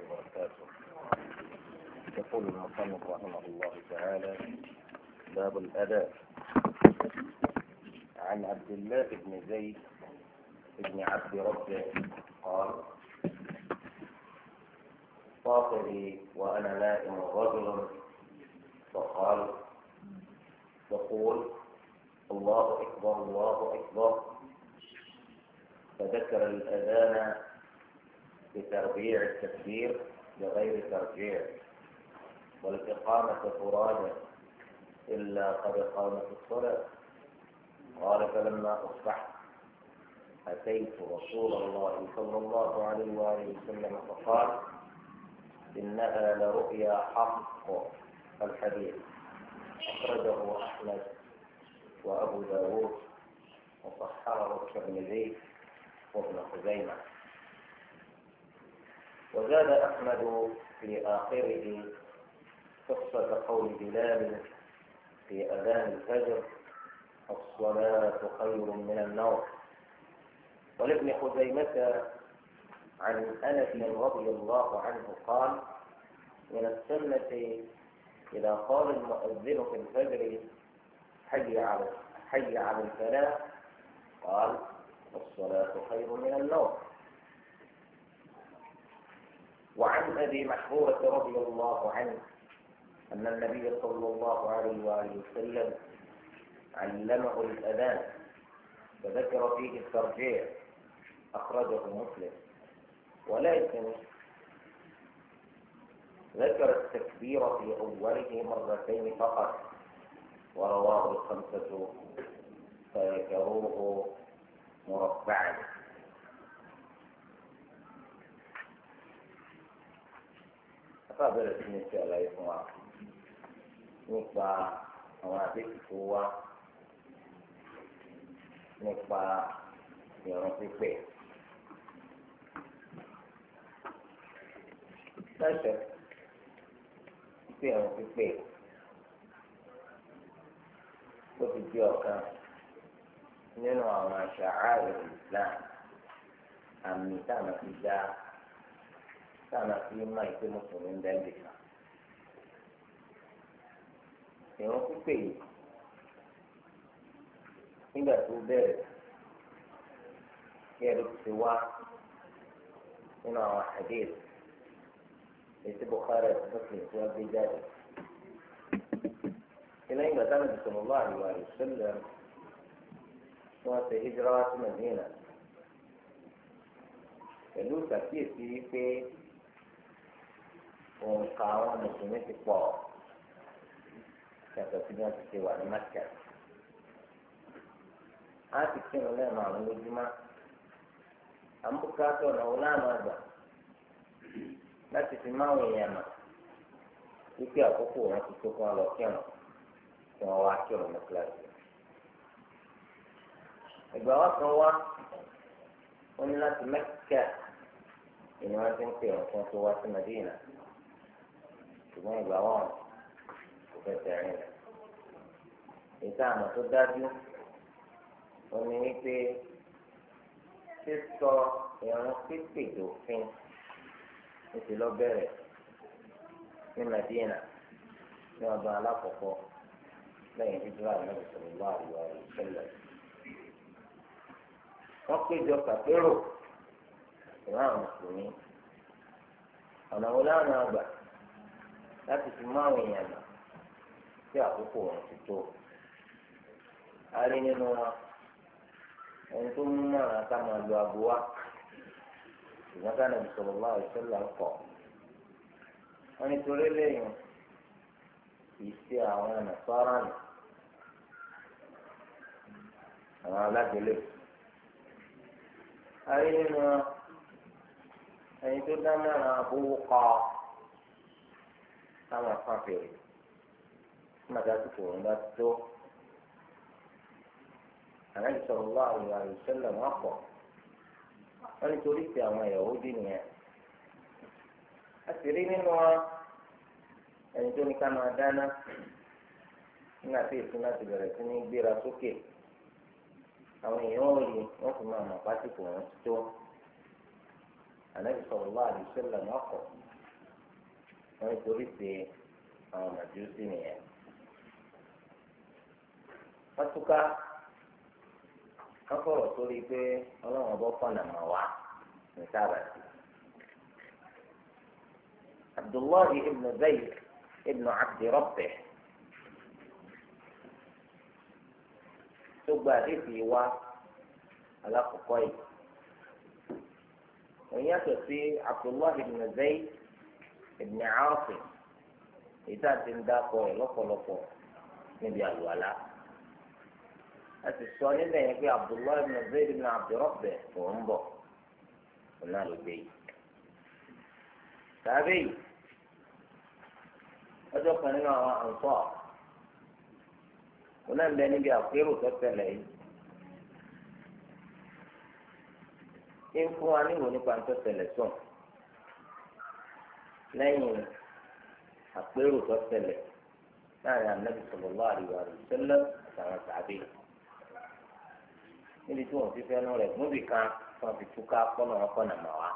وبركاته يقول المصنف رحمه الله تعالى باب الأداء عن عبد الله بن زيد بن عبد ربه قال طافني وأنا نائم رجل فقال تقول الله أكبر الله أكبر فذكر الأذان بتربيع التكبير بغير ترجيع والإقامة فرادة إلا قد اقامت الصلاة قال فلما أصبحت أتيت رسول الله صلى الله عليه وآله وسلم فقال إنها لرؤيا حق الحديث أخرجه أحمد وأبو داود وصححه الترمذي وابن خزيمة وزاد أحمد في آخره قصة قول بلال في أذان الفجر الصلاة خير من النوم ولابن خزيمة عن أنس رضي الله عنه قال من السنة إذا قال المؤذن في الفجر حي على حي على الفلاح قال الصلاة خير من النوم وعن أبي محفورة رضي الله عنه أن النبي صلى الله عليه وآله وسلم علمه الأذان وذكر فيه الترجيع أخرجه مسلم ولكن ذكر التكبير في أوله مرتين فقط ورواه الخمسة فذكروه مربعا fàbẹ̀rẹ̀ sí ní ti àlàyé fún wa nípa àwọn àdéhùn tó wá nípa ìrun pípẹ́. Lẹ́sẹ̀ pípẹ́ ìrun pípẹ́ ó ti di ọ̀kan nínú àwọn àṣà ààrẹ àmì táwọn ti dá sáànà fi mọ ìpè mùsùlùmí ń bẹ́ẹ̀ nìkan. ìrún pípé yìí nígbà tó bẹ̀rẹ̀ kí ẹ̀rọ ti wá nínú àwọn hadith ètò Bukhari àti Muslim tí wọ́n gbé jáde. ilé ìgbà táwọn ìdìbò lọ́wọ́ àríwá rẹ̀ sílẹ̀ tí wọ́n ṣe hijira wá sí Madina pẹ̀lú ìṣàkíyèsí pé. òǹkà àwọn mùsùlùmí ti pọ̀ yàtọ̀ sí wọn ti ṣe wà ní mákà a ti kírun lẹ́nu àwọn lójúmọ́ àmúkátọ̀ náà wọn láàmú àgbà láti fi máwọn èèyàn mà wípé àkókò wọn ti tó kán lọ kírun kí wọn wá kírun ní kíláàsì wa kan wá wọn ní láti ìní wọn ti ń pè wọn fún ṣùgbọ́n ìgbà wọn kò fẹsẹ̀ rìn ìta àmọ́ tó dájú ó ní wípé sísọ ìrún pípé dòfin ó ti lọ bẹ̀rẹ̀ ní Madina ní ọdún alákọ̀ọ́kọ́ lẹ́yìn hijira náà sọ̀rọ̀ wá àríwá rẹ̀ sẹ́lẹ̀. wọ́n péjọ kàpérò ìran mùsùlùmí ọ̀nà wo láwọn àgbà láti fi mú àwọn èèyàn nà tí àkókò wọn ti tó a rí nínú wọn ẹni tó mú mọ̀ràn ká máa lo aago wa ṣùgbọ́n káná bí sọ̀rọ̀ bá ọ̀ṣẹ́ là ń kọ̀ wọ́n ní torí lẹ́yìn ìṣe àwọn nàṣọ́rà nù àwọn alágbélé a rí nínú wọn ẹni tó dá mọ̀ràn àbúrò kọ́ ọ táwọn afáfẹ́ rẹ̀ mọ̀dájú kò wọ́n bá tó àlàyé sọ̀rọ̀ wá àwọn àlùsọ́lẹ̀ wọn pọ̀ wọ́n ní torí pé àwọn ìyàwó dì nìyẹn a sì rí nínú wa ẹni tó ní ká máa dáná nígbà tí ìsúná ti bẹ̀rẹ̀ sí ní gbéra sókè àwọn èèyàn ò rí wọ́n fi máa mọ̀ pátì kò wọ́n tó àlàyé sọ̀rọ̀ wá àlùsọ́lẹ̀ wọn pọ̀. wọn nítorí pé àwọn màjúsí nìyẹn wọn túká sórí pé Ọlọ́run ọbọ fọnà mà wá Abdullahi ibn Zayd ibn Abdi tó gba àdéhùn wa alákọ̀ọ́kọ́ yìí òun yàtọ̀ sí Abdullahi ibn Zayd. ibn Asim ìta ti ń dákọ ẹ̀ lọ́pọ̀lọpọ̀ níbi àlùwàlá a ti sọ yẹn pé Abdullahi ibn Zayd ibn náà ló gbé yìí tàbí kan nínú àwọn náà ń bẹ níbi àpérò tó lẹ́yìn àpérò tó tẹ̀lẹ̀ láàrin anabi sallallahu alaihi wa sallam àtàwọn tàbí níbi tí wọ́n ti fẹ́nu rẹ̀ múbi kan wọ́n fi túká kọ́nà wọn kọ́nà mọ́ wa.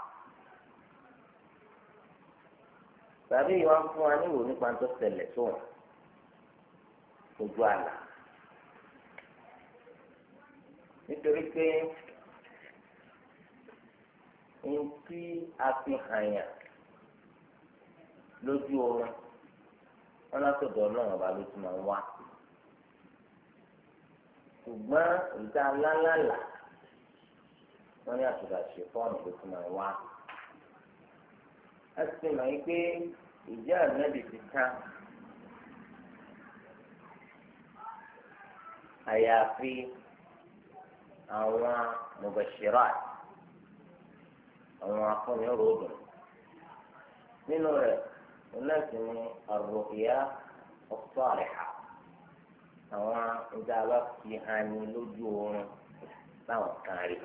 tàbí ìwà ń fún wa níwò nípa tó tẹ̀lẹ̀ tó wọn ojú àlà nítorí pé ohun tí a fi hàn yàn lójú oorun wọn látọ̀dọ̀ náà ọba ló ti máa ń wá ṣùgbọ́n ìta lálàlà wọn ní àtúntà ṣe fọ́ọ̀nù ló ti máa ń wá a ti mọ̀ yín pé ìjẹ́ ànábì ti ká àyàfi àwọn mubashirat àwọn afọ́niròdùn nínú rẹ̀. ولكن الرؤيا الصالحة سواء إذا وقت يعني لجوم أو كاري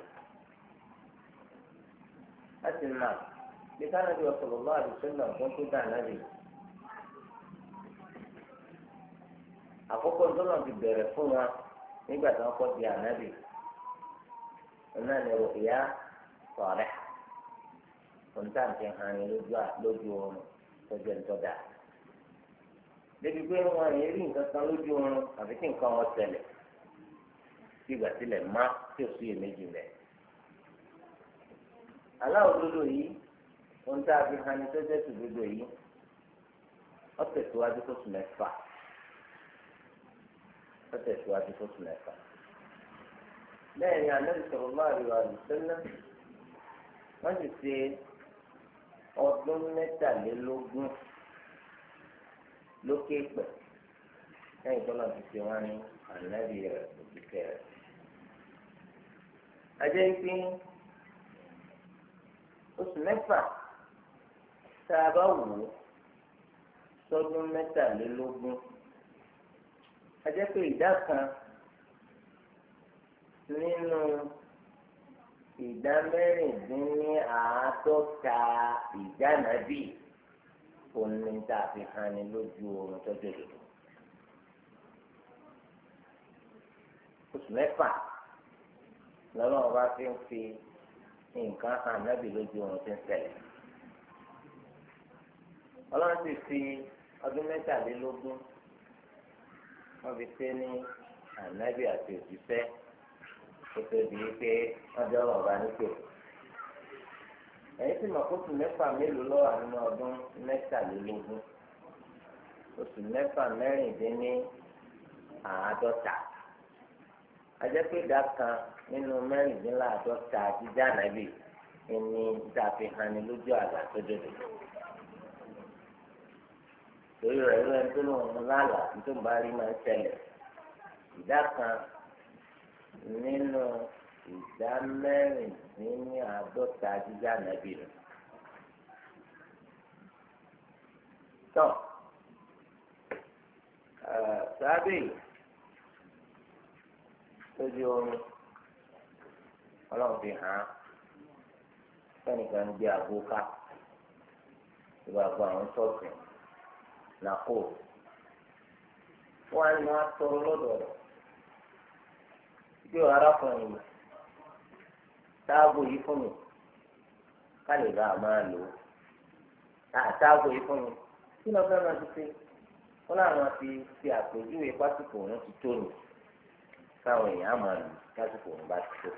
أسمع لكان النبي صلى الله عليه وسلم كنت دع نبي أفكر ظلم في الدرسونة نبات أفكر يا نبي إنني رؤيا صالحة كنت أمتحاني يعني لجوم لجوم tọ́jú ẹ̀ńtọ́ dáa débi pé wọn yẹn rí nǹkan kan lójú oorun àfi kí nǹkan wọn ṣẹlẹ̀ ìgbà sílẹ̀ má tí ò sí èméjì rẹ̀ aláwòdodo yìí ohun tá a fi hàn ní tọ́jú ẹ̀sùn yìí ọ̀sẹ̀ síwájú tó ọdún mẹ́tàlélógún lókè pẹ̀ lẹ́yìn tó lọ́ọ́ ti ṣe wá ní ànábì rẹ̀ òkìkẹ́ rẹ̀. ajẹ́ pé oṣù mẹ́fà tá a bá wò ó sọ́dún mẹ́tàlélógún ajẹ́ pé ìdá kan nínú. ìdá ní àádọ́ta ìdánábì òní tá a fi hàn ní lójú oorun tọ́jú òdodo. oṣù mẹ́fà lọ́lọ́run bá fi ń fi nǹkan hàn nábì lójú oorun tí ń ṣẹlẹ̀. ọlọ́run sì fi ọdún mẹ́tàlélógún o ìdílé pé wọ́n jẹ́ ọ̀rọ̀ ọ̀bá nípò. ẹ̀yìn tí mọ̀ kóṣù mẹ́fà mélòó lọ́wọ́ nínú ọdún mẹ́tàlélógún oṣù mẹ́fà mẹ́rìndínní àádọ́ta ajẹ́pẹ́dà kan nínú mẹ́rìndínláàádọ́ta jíjá nàbì ẹni tá a fi hàn ní lójú àgbà tó dòdò torí rẹ̀ ló ń tó lóun nínú ìdá mẹ́rin ní àádọ́ta jíjá nàbí rẹ̀. tọ́ sábẹ́ lójú omi ọlọ́run fi hàn án sẹ́nìkan ń gbé àgbo ká ìgbàgbọ́ àwọn ṣọ́ọ̀ṣì nàkó wọ́n á ní wọ́n á pé arákùnrin mi táàbù yìí fún mi ká lè bá a máa lò ó táàbù yìí fún mi kí lọ fẹ́ máa ti ṣe wọn làwọn ti ṣe àpèjúwe pásítọ̀ òun ti tó nù káwọn èèyàn á máa lò pásítọ̀ òun bá ti tó.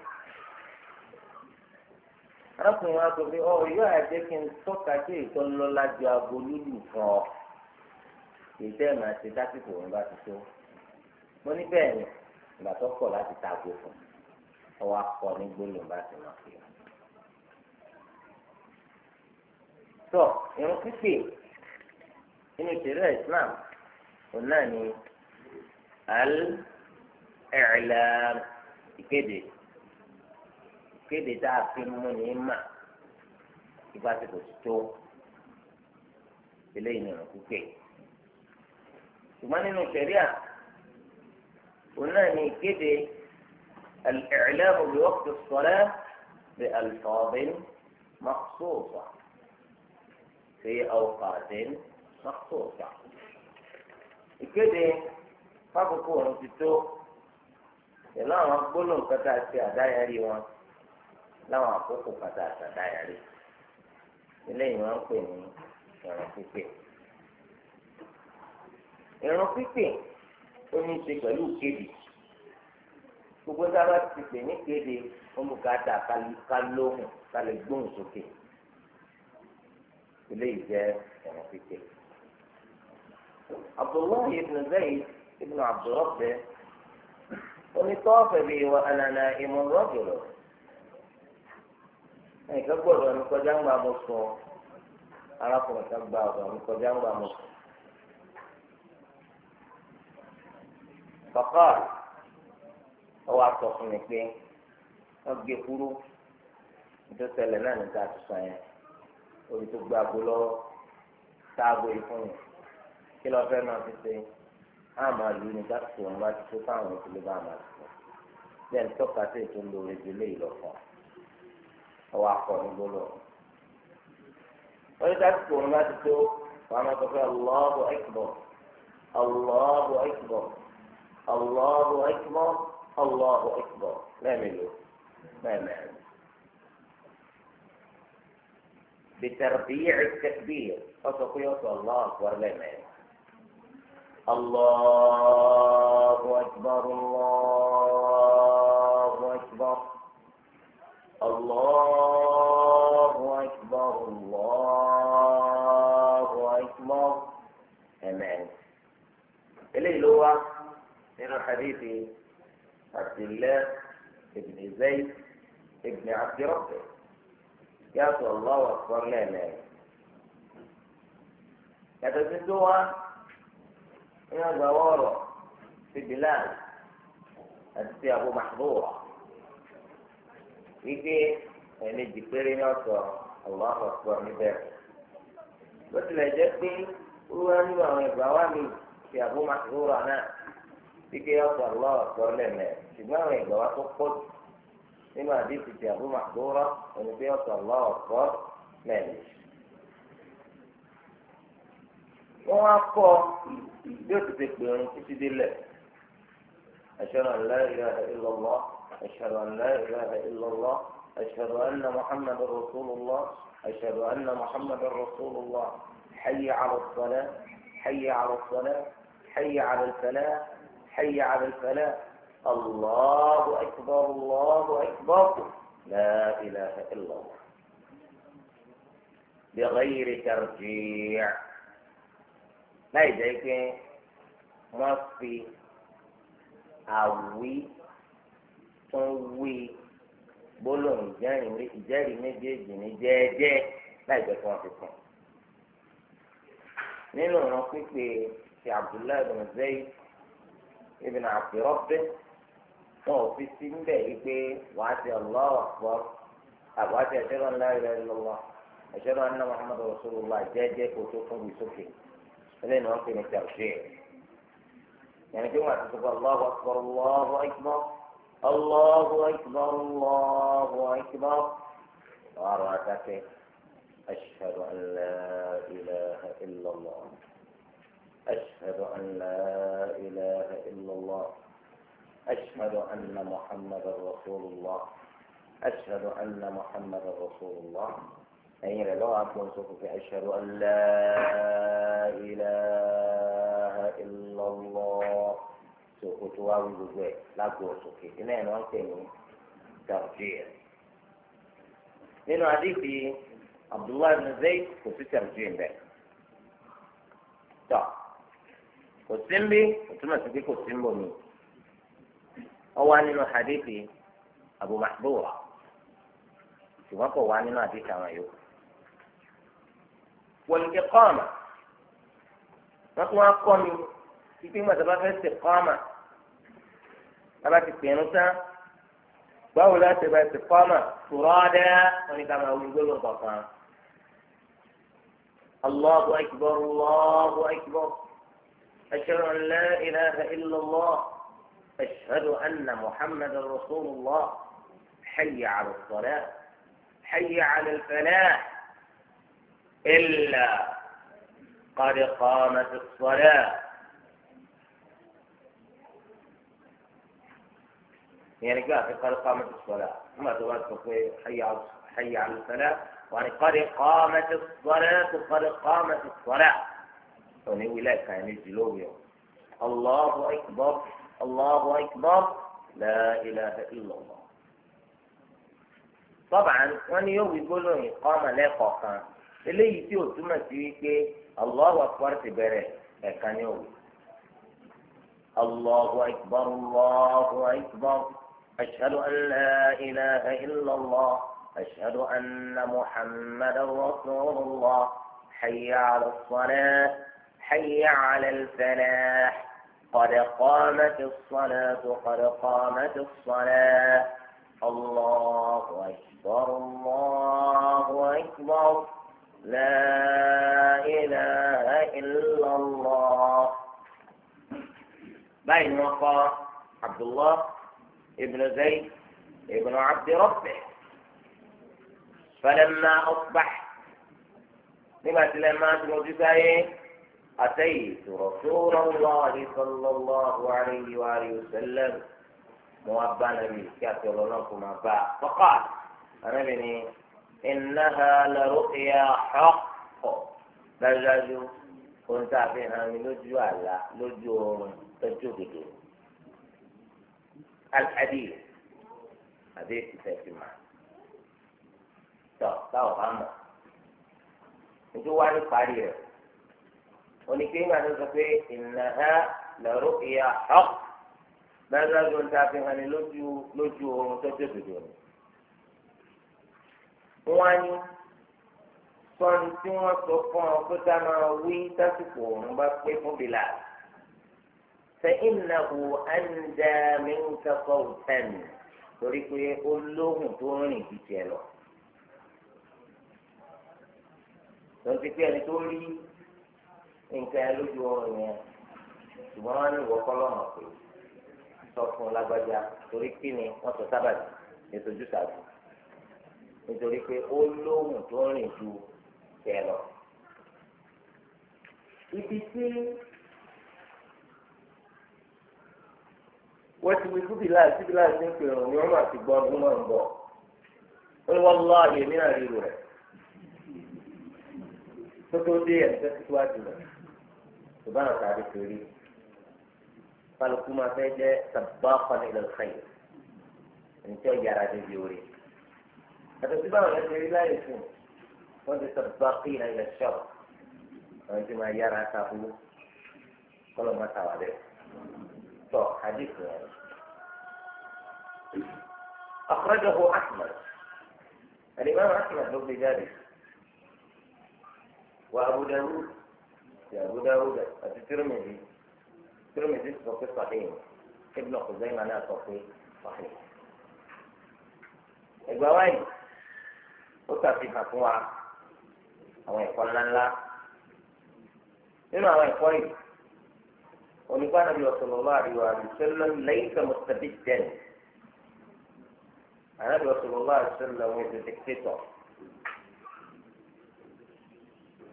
arákùnrin wa sọ pé ọ yóò àjẹ́ kí n tọ́ka sí ìtọ́lọ́lá ju aago lílù fún ọ èyí tẹ́ ẹ̀ máa ṣe pásítọ̀ òun bá ti tó. mo ní bẹ́ẹ̀ ni ìgbà tó kọ̀ láti taago fún ọwọ́ akọ ní gbólóhùn bá ti máa fi hàn. tó irun pípé nínú ìṣẹ̀lẹ̀ Islam òun náà ni al-i'lam ìkéde ìkéde tá a fi mú ní mà ìgbà tí kò tó eléyìí nínú pípé ṣùgbọ́n nínú ìṣẹ̀lẹ̀ à. قلنا أني كده الإعلام بوقت الصلاة بألفاظ مخصوصة في أوقات مخصوصة كده فبكون كتو لا أقول قطعة دائري وان لا أقول قطعة دائري إلي ما أقول إرو بيبي ó ní í ṣe pẹ̀lú kéde gbogbo sábà ti pè ní kéde olùkàdà kálóhùn kálẹ̀ gbóhùn sókè eléyìí jẹ́ ẹ̀rọ pípé. Abdullahi ibn Zayd ibn Abdurrabbi onítọ́ọ̀fẹ̀ bíi wà ànànà ìmọ̀rọ̀dùrọ̀ ẹ̀ka gbọ́dọ̀ ní kọjá ń gbà mọ́ sọ arákùnrin ká gba ọ̀dọ̀ ní kọjá ń gbà mọ́ sọ. fọkàn ọwọ́ àtọ̀ fún mi pé wọ́n gé kúrú ìtọ́sẹ̀lẹ̀ náà níta àtúnṣe yẹn orí tó gbé aago lọ́wọ́ tá aago yìí fún mi kí lọ́ọ́ fẹ́ máa fi ṣe àmà lù ní dáàtì wọn bá ti tó fáwọn ìpínlẹ̀ bá àmà tó bẹ́ẹ̀ ní tọ́ka sí ètò lórí ìdílé ìlọ́fọ̀ ọwọ́ akọ ní gbọ́dọ̀ wọ́n ní dáàtì wọn bá ti tó wọn máa sọ pé Allahu Akbar Allahu Akbar. Allahu akbar Allahu akbar lẹ́ẹ̀mẹ́lò lẹ́ẹ̀mẹ́rin. بتربيع التكبير فتقول الله أكبر لمن الله أكبر الله أكبر الله أكبر الله أكبر أمان إليه لو من حديث عبد الله بن زيد بن عبد ربه يا الله أكبر لا لا يتسدوها يا زواره في بلاد يا أبو محظورة يجي يعني الجبرين الله أكبر نبات بس لا جدي هو أنا يبغى في أبو محظورة أنا kíkẹ́ ọ̀sẹ̀ ọlọ́wọ́ sọ lẹ́mẹ̀ ṣùgbọ́n àwọn ìgbà wa tó pọ̀ jù nínú àdìsí ti àbú màdúrà òní pé ọ̀sẹ̀ ọlọ́wọ́ sọ lẹ́mẹ̀. wọ́n wá kọ́ bí ó ti ti pè ọ́n títí délẹ̀ ashhadu an la ilaha illallah ashhadu an la ilaha illallah ashhadu anna muhammadan rasulullah ashhadu anna muhammadan rasulullah hayya ala as-salah hayya ala as-salah hayya ala al-falah حي على الفلاح الله أكبر الله أكبر لا إله إلا الله بغير ترجيع ما يجيك ما في أوي توي بولون جاني جاري نجيجي نجيجي ما يجيك ما في كون نينو نقول في عبد الله بن زيد ابن عبد ربه wọn ò fi sí ń bẹ̀ yí pé wàá ti allah akbar àbúrò àti ashhadu an la ilaha illallah ashhadu anna muhammadu rasulullah jẹ́jẹ́ kó tó fún mi sókè ẹlẹ́yìn náà fi ní tàwùsí ẹ̀ yẹn kí wọ́n ti sọ pé allahu akbar allahu akbar allahu akbar allahu akbar wàá rọ àtàkẹ́ ashhadu an la ilaha illallah. أشهد أن لا إله إلا الله أشهد أن محمدا رسول الله أشهد أن محمدا رسول الله أين لو أكون سوف أشهد أن لا إله إلا الله سوف تواوي بجوي لا أقول سوف إنه أنا أنتني ترجيع لأنه حديثي عبد الله بن زيد وفي ترجيع به طب kò sí ń bí kò túmọ̀ sí pé kò sí ń bọ̀ mí ọ Abu ṣùgbọ́n kò wá nínú hadithi àwọn wal iqama wọ́n tún wá kọ́ mi títí mọ̀ sábà fẹ́ ṣe iqama sábà ti pè é tán báwo la ṣe bá ṣe iqama turada wọn ni ká máa أشهد أن لا إله إلا الله أشهد أن محمد رسول الله حي على الصلاة حي على الفلاح إلا قد قامت الصلاة يعني قال قد قامت الصلاة ما توقف حي على حي على الصلاة يعني قد قامت الصلاة قد قامت الصلاة òní wílẹ̀ kan méjì lórí ọ. Allahu akbar Allahu akbar la ilaha illallah. Bọ́bà wọn ni yóò wí gbólóyìn ọmọ lẹ́kọ̀ọ́ kan eléyìí tí ò túmọ̀ sí wípé Allahu akbar ti bẹ̀rẹ̀ ẹ̀ka ni òwò. Allahu akbar Allahu akbar ashhadu an la ilaha illallah. أشهد أن محمدا رسول الله حي على الصلاة حي على الفلاح قد قامت الصلاة قد قامت الصلاة الله أكبر الله أكبر لا إله إلا الله بين وقع عبد الله ابن زيد ابن عبد ربه فلما أصبح لما تلمات موجودة أتيت رسول الله صلى الله عليه وآله وسلم نبي بالكافر لكم أبا فقال أنا بني إنها لرؤيا حق دجاج كنت فيها من لجو الله لجو تجوبك الحديث حديث في معنا طب طب أما نجو على القريب oníke ńgbà tó sọ pé ìnáhà lọ́rọ́ ìyá ọ̀k bẹ́ẹ̀ ló ń ta fi hàn ní lójú lójú oorun tó tètè dùn ní. wọ́n á ní sọ́ni tí wọ́n sọ fún ọ pé ká máa wí tásìkò òun bá pé fún bìlà. فإنه أندى منك صوتا torí pé ó tó rìn ju lọ. lọ́n ẹni tó rí nǹkan ẹ lójú oorun yẹn ṣùgbọ́n wọn ní ìwọ kọ́lọ́mù pé sọ fún lágbájá torí kí ni wọ́n sọ sábàbí ètò ojúṣàjú nítorí pé ó lóhùn tó rìn ju ibi tí wọ́n ti wí bíbélà bíbélà ti ń pè ni wọ́n máa ti gbọ́ ọ́n máa ń bọ̀ ó ní wọ́n lọ́ àyè سبحانه وتعالى تريد فالكما فيجا سباقا إلى الخير انت يا راجل جوري هذا سبحانه وتعالى لا يكون وانت سباقين إلى الشر وانت ما يرى تابو كل ما تابع ذلك تو حديث يعني. أخرجه أحمد الإمام أحمد بن ذلك وأبو داود ti Abu Dawud àti Tirmidhi Tirmidhi sọ pé sahih Ibn Khuzaimah náà sọ pé sahih. ẹgbẹ́ wáyé ó ṣàfihàn fún wa àwọn ẹ̀kọ́ ńláńlá nínú àwọn ẹ̀kọ́ yìí onígbàdàn bí sallallahu alaihi wa sallam laysa mustabiddan ànábì sallallahu alaihi wa sallam wọn ètò dẹ́kítẹ́tọ̀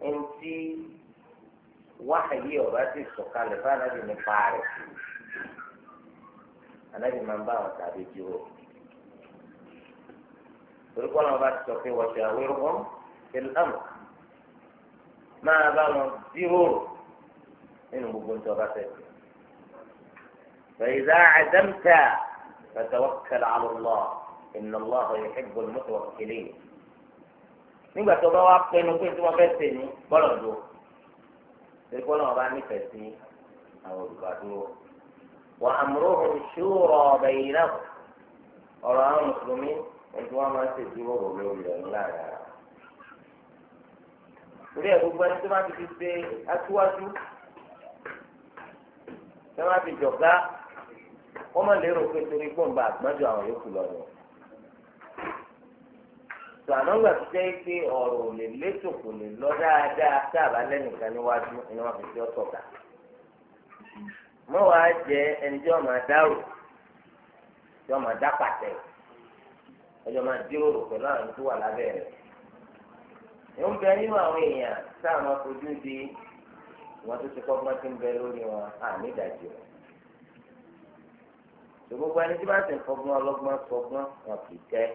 ẹni tí. wáyé ọba ti sọ̀kalẹ̀ fún anabi ni paare anabi máa ń bá wọn tàbí dúró torí kọ́ làwọn bá ti sọ pé wọ́n ti àwérò wọn ìlànà máa bá wọn jíròrò nínú gbogbo ní ọba tẹ̀. فإذا عزمت فتوكل على الله إن الله يحب المتوكلين nígbà tó bá wá pinnu pé tí wọ́n fẹ́ ṣe ni bọ́lọ̀ dùn tẹ̀kọ́ náà bá nífẹ̀ẹ́ sí àwọn olùgbàdúró. wà á múrò hùn ṣúrọ̀ ọ̀bẹ yìí náà ọ̀rọ̀ àwọn mùsùlùmí ẹ̀dùn wọn máa ń ṣèjíròrò lórí ẹ̀rù láàrin ara. torí ẹ̀ gbogbo ẹni tó bá ti fi ṣe aṣíwájú tó bá ti jọ̀gá wọ́n máa lérò pé torí gbọ̀ǹba àgbọ̀njọ àwọn yòókù lọ́dún tó ànágbà tó jẹ́ pé ọ̀rọ̀ ò lè létò kò lè lọ dáadáa sáàbà lẹ́nìkan níwájú ni wọ́n fi fi ọ́ tọ̀ka. mọ́wàá jẹ́ ẹni tí wọ́n máa dárò tí wọ́n máa dá pàtẹ́ ẹjọ́ máa jíròrò pẹ̀lú àwọn tó wà lábẹ́ rẹ̀. ìwọ́n bẹ nínú àwọn èèyàn sáàmà fojú di wọn tó ti kọ́kọ́ ti ń bẹ lórí wọn àmì ìdájọ́ rẹ̀. ṣùgbọ́n gbogbo ẹni tí bá ti fọgbọ́n ọlọ́gbọ́n fọgbọ́n wọn kì í tẹ́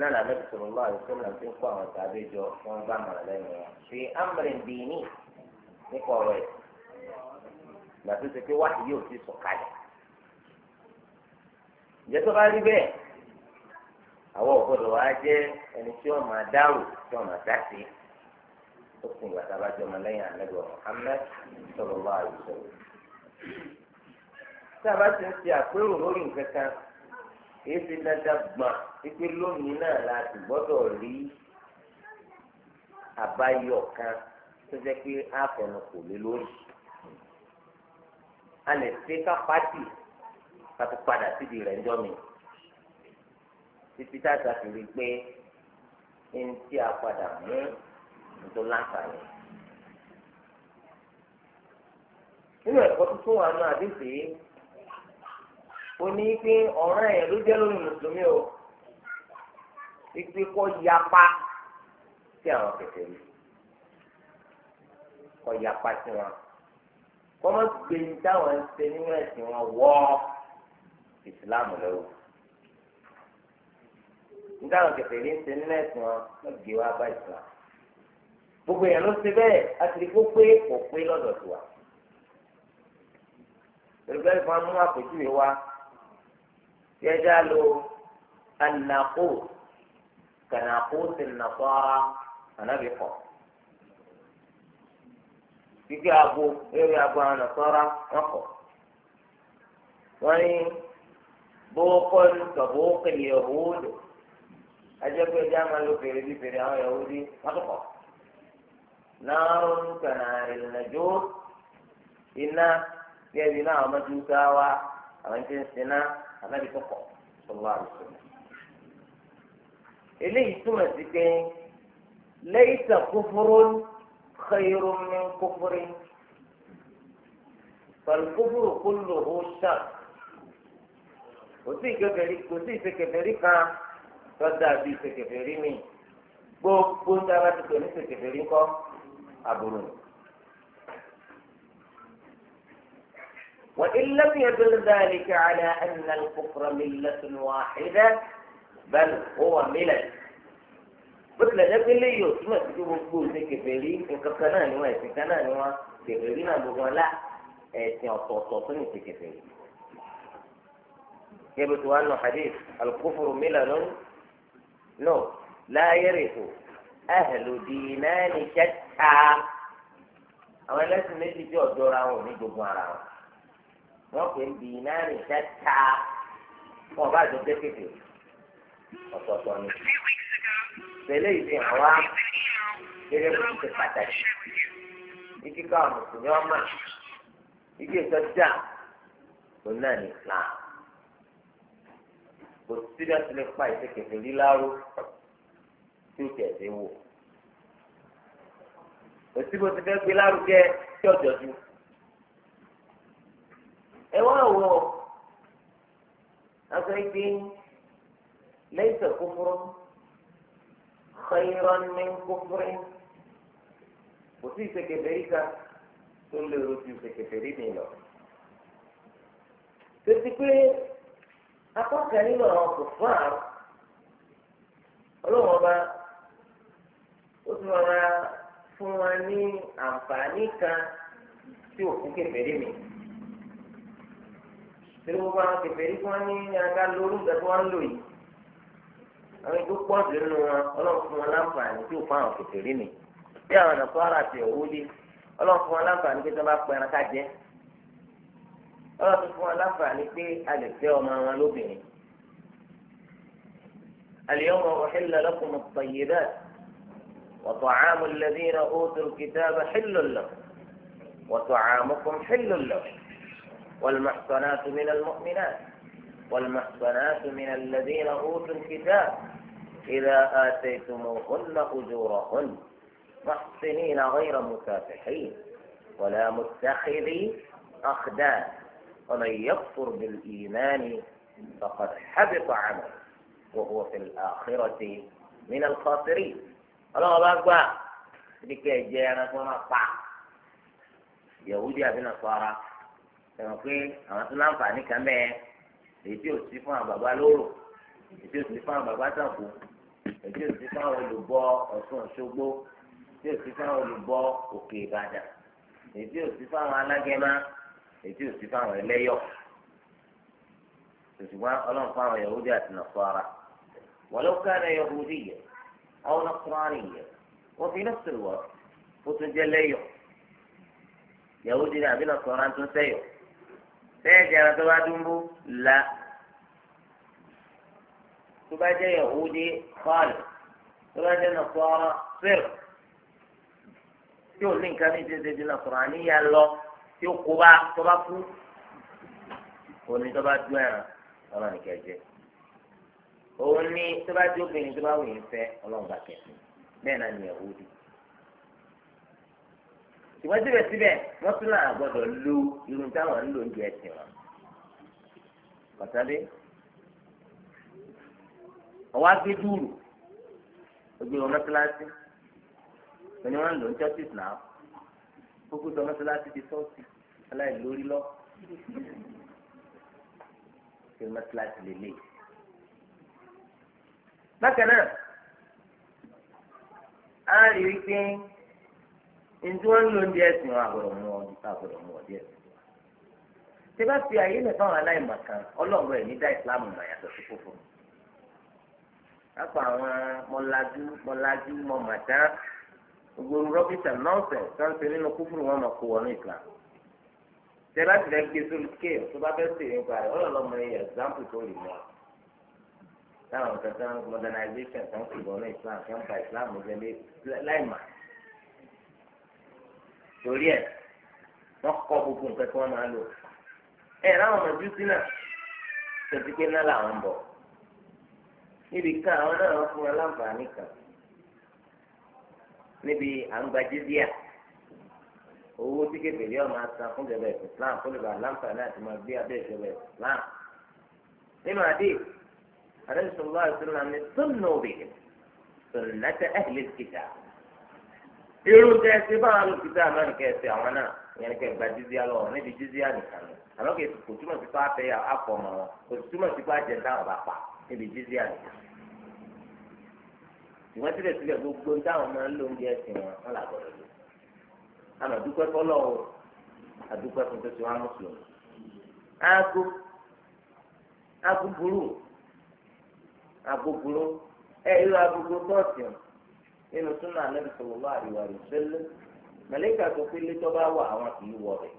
náà làbẹ́ tòun lọ́wọ́ àti sọ́mùnà tí ń kó àwọn tàbí jọ fún wọn bá màrà lẹ́nu wọn. fi amúrin bíi ní nípa ọ̀rọ̀ ẹ̀ ìgbà tó ṣe pé wáhì yóò ti sọ̀ kalẹ̀. ìjẹ́ tó bá rí bẹ́ẹ̀ àwọn ògbọ́dọ̀ wa jẹ́ ẹni tí wọ́n máa dáwò tí wọ́n máa dá sí ó sì ìgbà tá a bá jọ ọmọ lẹ́yìn àlẹ́gbọ̀ Muhammad sọ̀rọ̀ lọ́wọ́ àti tí a bá ti ń ṣe àpérò lórí nǹkan kan èyí ti dandan gbọ̀n wípé lónìí náà la ti gbọ́dọ̀ rí àbáyọ kan tó jẹ́ pé a fẹnu kò lé lórí. a lè ṣe ká pàtì kátó padà síbi rẹ̀ ńjọ́ mi títí tá a ṣàfihàn pé ẹni tí a padà mú nítorí láǹfààní. nínú ẹ̀kọ́ tuntun wa náà àdéhùn ó ní pé ọ̀ràn ẹ̀ ló jẹ́ lórí mùsùlùmí o ipe kọ́ yapa sí àwọn kẹ̀kẹ́ mi kọ́ yapa sí wọn kọ́ mọ́ gbèyí táwọn ń ṣe nínú ẹ̀sìn wọn wọ́ ìsìláàmù lọ́wọ́ nígbà wọn kẹ̀kẹ́ mi ń ṣe nínú ẹ̀sìn wọn wọ́n gbé wá bá ìsìláàmù gbogbo èèyàn ló ṣe bẹ́ẹ̀ àtìrí kó pé kò pé lọ́dọ̀ tiwa. Èrùbẹ́ ìfọ̀n àpèjúwe wa. يجعل الناقوس كناقوس النصارى النبي قال fífi aago lórí aago àwọn nàṣọ́ra wọn kọ̀. wọ́n ní bóókọ́ ní kàbóókè yẹ̀hóòdò ajẹ́pẹ́ ẹja máa lo fèrè bí fèrè àwọn yẹ̀hóòdì wọ́n tó kọ̀. náírà ń kànà ìrìnàjò iná bí ẹbí náà àwọn ọmọdé ń ká wa àwọn tí ń siná ànábì tó kọ̀ sọlá àlùsọ̀rọ̀. eléyìí túmọ̀ sí pé lẹ́yìntà kófóró xeyìrò ní kófóró fàlùkófóró kó lò ó sàn kò sí ìkẹfẹ̀rí kò sí ìsèkẹfẹ̀rí kan tọ́jà bí ìsèkẹfẹ̀rí mi gbogbo ń dára ti pè ní ìsèkẹfẹ̀rí kọ́ àbúrò nù. وإن لم يدل ذلك على أن الكفر ملة واحدة بل هو ملل مثل ذلك اللي يسمى تجيب تقول زي كفيري إن كناني وإن كناني وإن كفيري نعم لا إن أطوطوطني في كفيري يثبت أن حديث الكفر ملل نو لا يرث أهل دينان شتى أولا سنجي جو دورا ونجو بوارا wọ́n pè ń bì í náà rìn tẹ́ta wọn bá jọ kékeré ọ̀tọ̀ọ̀tọ̀ ni. pẹ̀lẹ́ ìfihàn wa gẹ́gẹ́ bí ti pàtàkì ní kíkọ́ àwọn mùsùlùmí ọmọ ike sọ́jà kò náà ní Islam kò síbẹ̀ sílẹ̀ pa ìṣèkèfé líláró tí ó tẹ̀ sí wò. òsibò ti fẹ́ gbé lárugẹ tí ọ̀jọ̀dún ẹ wá wọ aṣọ ìgbé ليس كفر خيرا من كفر kò sí ìsekèfèrí kan tó lérò ju ìsekèfèrí mi lọ. tètè pé akọ́kẹ́ nínú àwọn kò fún àrùn ó ti rọra fún wa ní àǹfààní kan tí ò fún mi torí gbogbo àwọn kẹfẹ́ yìí kí wọ́n ní aká lórí nǹkan tí wọ́n ń lò yìí àwọn ètò pọ̀ jù nínú wọn ọlọ́run fún wọn láǹfààní tí ò fún àwọn kẹfẹ́ rí ni bí àwọn ọ̀nà ara ti òwú dé ọlọ́run fún wọn láǹfààní pé tí wọ́n bá pẹ́ ẹran ká ọlọ́run fún wọn láǹfààní pé a fẹ́ ọmọ wọn lóbìnrin اليوم أحل لكم الطيبات وطعام الذين أوتوا والمحصنات من المؤمنات والمحصنات من الذين أوتوا الكتاب إذا آتيتموهن أجورهن محصنين غير مكافحين ولا متخذي أخدان ومن يكفر بالإيمان فقد حبط عمله وهو في الآخرة من الخاسرين الله أكبر لكي جاءنا صنع يهودي أبي ẹ̀wọ̀n pé àwọn tó láǹfààní kan mee. èyí tí ò sí fún àwọn lóró èyí tí ò sí fún àwọn sàkó èyí tí ò sí fún àwọn olùbọ Ọ̀ṣun Òṣogbo èyí tí ò sí fún àwọn olùbọ Òkè Ìbàdàn èyí tí ò sí fún àwọn alágẹmá èyí tí ò sí fún àwọn ẹlẹ́yọ̀ ọlọ́run fún àwọn Yahudi àti jẹ́ lẹ́yọ̀ Yahudi àbí tó sẹ́yọ̀. sẹ́yìn jẹ́ra tó bá dúnbó la tó bá jẹ́ yahudi kọ́ọ̀lù tó bá jẹ́ nàkọ́ọ̀rọ̀ sírù tí ò ní nǹkan ní ìdíje di nàkọ́ọ̀rọ̀ àníyá lọ tí ó kó bá tó bá kú òní tó bá dún ẹ̀ràn ọlọ́run ní òun ní tó bá dún obìnrin tó bá wù yín fẹ́ ọlọ́run bá kẹsì bẹ́ẹ̀ náà ni yahudi ṣùgbọ́n síbẹ̀síbẹ̀ wọ́n tún náà gbọ́dọ̀ lo irun táwọn ń lò ń jẹ ẹ̀sìn wọn. kọ̀tàdé ọwọ́ agbé dúró ojú wọn mọ́tíláṣí ẹni wọn ń lò ń churches náà gbogbo sọ mọ́tíláṣí ti sọ́ọ̀tì aláìlórí lọ ṣe mọ́tíláṣí lélẹ̀. bákan náà a rí i pé njẹ wọn lò ń di ẹsìn wọn àgbọ́dọ̀ mú ọ nípa àgbọ́dọ̀ mú ọ di ẹsìn wọn. tí bá fi àyè lẹ fáwọn aláìmọ̀ kan ọlọ́run ẹ ní dá ìsìlámù mọ yàtọ̀ sí fúnfún mi. lápò àwọn mọlájú mọlájú mọmàdá gbogbo rọbìtà nọọsẹ sáńsẹ nínú kúfùrù wọn mọ kó wọnú ìsìlám. tí bá ti lẹ gbé sórí kéè tó bá fẹ́ sè é nípa rẹ ọlọ́lọ́mọ yẹ ẹ̀zámpù tó lè mọ táwọn kankan modernization kan kò wọnú ìsìlám kan gba ìsìlám torí ẹ̀ wọ́n kọ́ gbogbo nǹkan tí wọ́n máa lò ẹ̀ láwọn ọmọ júùsì náà tètè pé náà làwọn ń bọ̀ níbi kan àwọn náà wọ́n fún wọn láǹfààní kan níbi àǹgbàjídíà owó tí kébèrè ọmọ asan fún ìjọba Islam fún ìjọba láǹfààní àti máa gbé abẹ́ ìjọba Islam nínú àdéhùn sọlá irú tẹ ẹ ṣe báwọn olùkíta àná nìkẹ́ àwọn náà ìyẹn nìkẹ́ gba jíjíá lọ níbi jíjíá nìkan ni àmọ́ kò kò túmọ̀ sí pé àfẹ́ àpọ̀ ọmọ wọn kò túmọ̀ sí pé àjẹ táwọn bá pa níbi ìwọ́n gbogbo táwọn máa ń lo oúnjẹ ẹ̀sìn wọn wọn là gbọ́dọ̀ lò. dúpẹ́ fọlọ́ o àdúpẹ́ fún tó ti wá burú nínú súnà anábì sọlọ́lá àríwá rẹ̀ sẹ́lẹ̀ mẹ̀lẹ́kà sọ pé létọ́ bá wà àwọn kì í wọ rẹ̀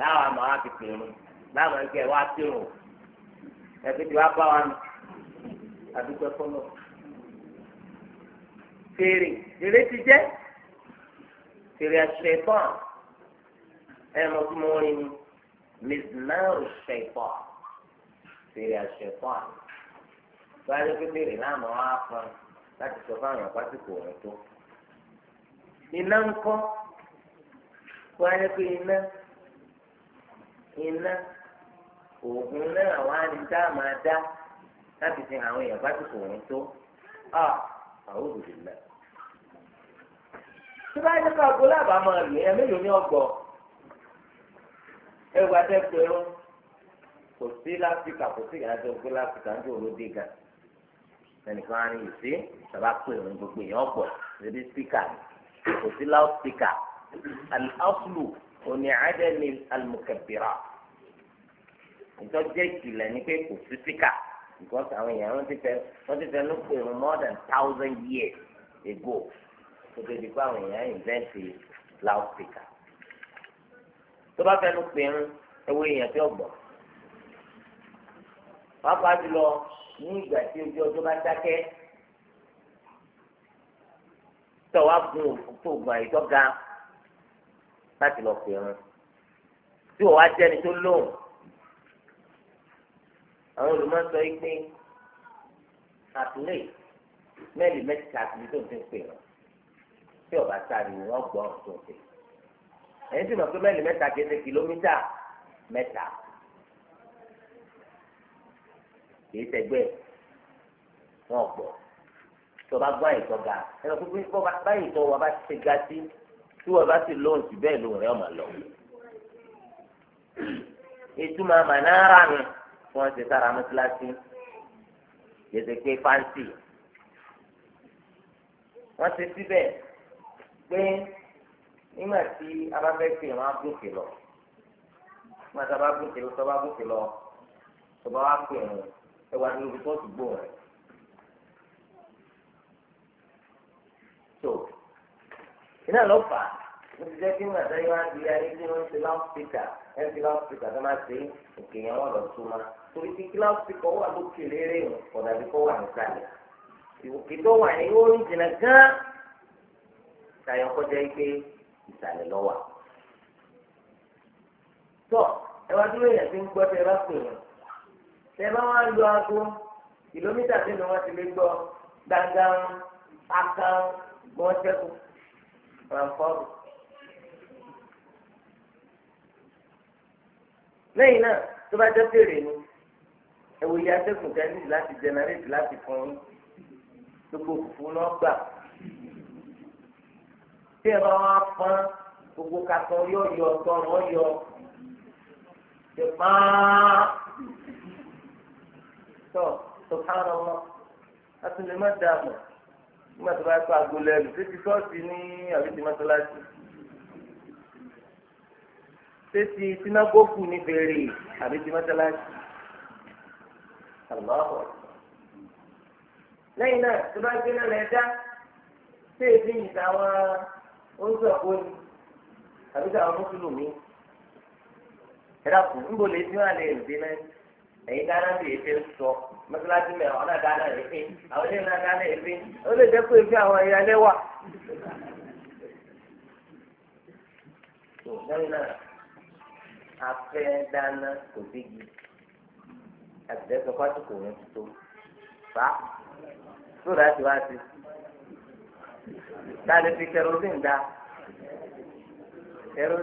láwọn àmọ́ á ti pèrò láwọn ẹgbẹ́ wa ti rò ẹgbẹ́ tí wàá bá wa nù àdúgbò fọlọ́ fèrè fèrè ti jẹ́ fèrè àṣẹ tán ẹ̀ mọ̀ tí mo rìn ní mizmaru fèrè àṣẹ báyọ̀ pé fèrè náà mọ̀ á fún un. láti sọ fáwọn àpásìkò òun tó iná ń kọ́ kó ayé pé iná iná oògùn náà wá ní dá máa dá láti fi àwọn èèyàn àpásìkò òun tó à àwọn òbí náà tí bá yẹ ká ọgbọ pé ó kò sí kò sí ẹnìkan á ní ìsí bàbá pè ní gbogbo èèyàn pọ̀ lórí spíkà kò sí loud speaker al-aslu òní àdẹ́ni al-mukabbira ìtọ́jẹ́ ìkìlẹ̀ ni pé kò sí spíkà because àwọn èèyàn wọ́n ti fẹ́ wọ́n ti fẹ́ ló pè ní more than thousand years ago kò tó di pé àwọn èèyàn invent loud speaker tó bá fẹ́ ló pè ní ewé èèyàn tí ó gbọ́ pàápàá jùlọ ní ìgbà tí ojú ọjọ́ bá dákẹ́ tọ́wá gun òfúrufú ògùn àìtọ́ ga láti lọ pè wọn tí wọ́n wá jẹ́ni tó lóhùn àwọn olùmọ̀sọ yìí pé àtúnlé mẹ́lì mẹ́ta àtúnlé tó ń fi pè wọn tí ọba sáré wọn gbọ́ ọ̀tún pè ẹ̀yìn tí mo pé mẹ́lì mẹ́ta kéde kìlómítà mẹ́ta. kìí tẹgbẹ́ wọn gbọ́ tó bá gbọ́ àìsàn ga ẹnlọ pé pé báyìí tó wọn bá ti ga sí tí wọn bá ti lóhùn sí bẹ́ẹ̀ lóhùn rẹ ọmọ lọ. ìtumọ̀ mànára nu tí wọ́n ti sára mọ́tíláṣí yẹtẹ pé fáǹsì wọ́n ti síbẹ̀ pé nígbà tí a bá fẹ́ fi ìran gòkè lọ nígbà tí a bá gòkè lọ tó bá gòkè lọ tó bá wá pè wọn ẹ wà ní rìpọ́ọ̀tù gbọ́ rẹ̀. tó iná ló fà á mo ti jẹ́ kí ní àtàrí wá di ayé tí wọ́n ti láwùpìkà ẹ̀ ti láwùpìkà tó máa ṣe òkè yẹn wọ́n lọ tó ma torí tí láwùpìkà wà lókè lérè ọ̀dà bí kò wà nísàlẹ̀ ìwòkè tó wà ní ó ń jìnnà gán tayọ kọjá ike ìsàlẹ̀ lọ́wà. tọ́ ẹ wá dúró yẹn tí ń gbọ́ tẹ ẹ bá pè yẹn tẹ bá wọn lu aago kìlómítà tí ni wọn ti lè gbọ́ gbàngà wọn aka wọn mọ lẹ́yìn náà tó bá jẹ́ fèrè ni ẹ̀wò ìyá sẹ́kùn kan níbi láti jẹnẹrétì láti fún un gbogbo òfurufú náà gbà. tí ẹ bá wọn fọ́n gbogbo kakọ yóò yọ yọ ṣe pààrọ̀. sọ subhanallah a tún lè má dààmú nígbà tó bá pa ṣé ti ní àbí ti mọ́tọ́láṣí ṣé ti sinagogu ní bèrè àbí ti mọ́tọ́láṣí àlùbáwọ̀ lẹ́yìn náà tó bá gbé náà lẹ́dá ṣé èdè yìí táwọn oúnjẹ àbí táwọn mùsùlùmí ẹ̀dá kù ń lè dín àlẹ́ náà. ẹ̀yin dana bí efe sọ mọ́sálásí mẹ́rin ọ̀nà dana efe àwọn na náà efe ó lè dẹ́kun efe àwọn ẹ̀yà lẹ́wà. lẹ́yìn náà afẹ́ dáná kò tó ti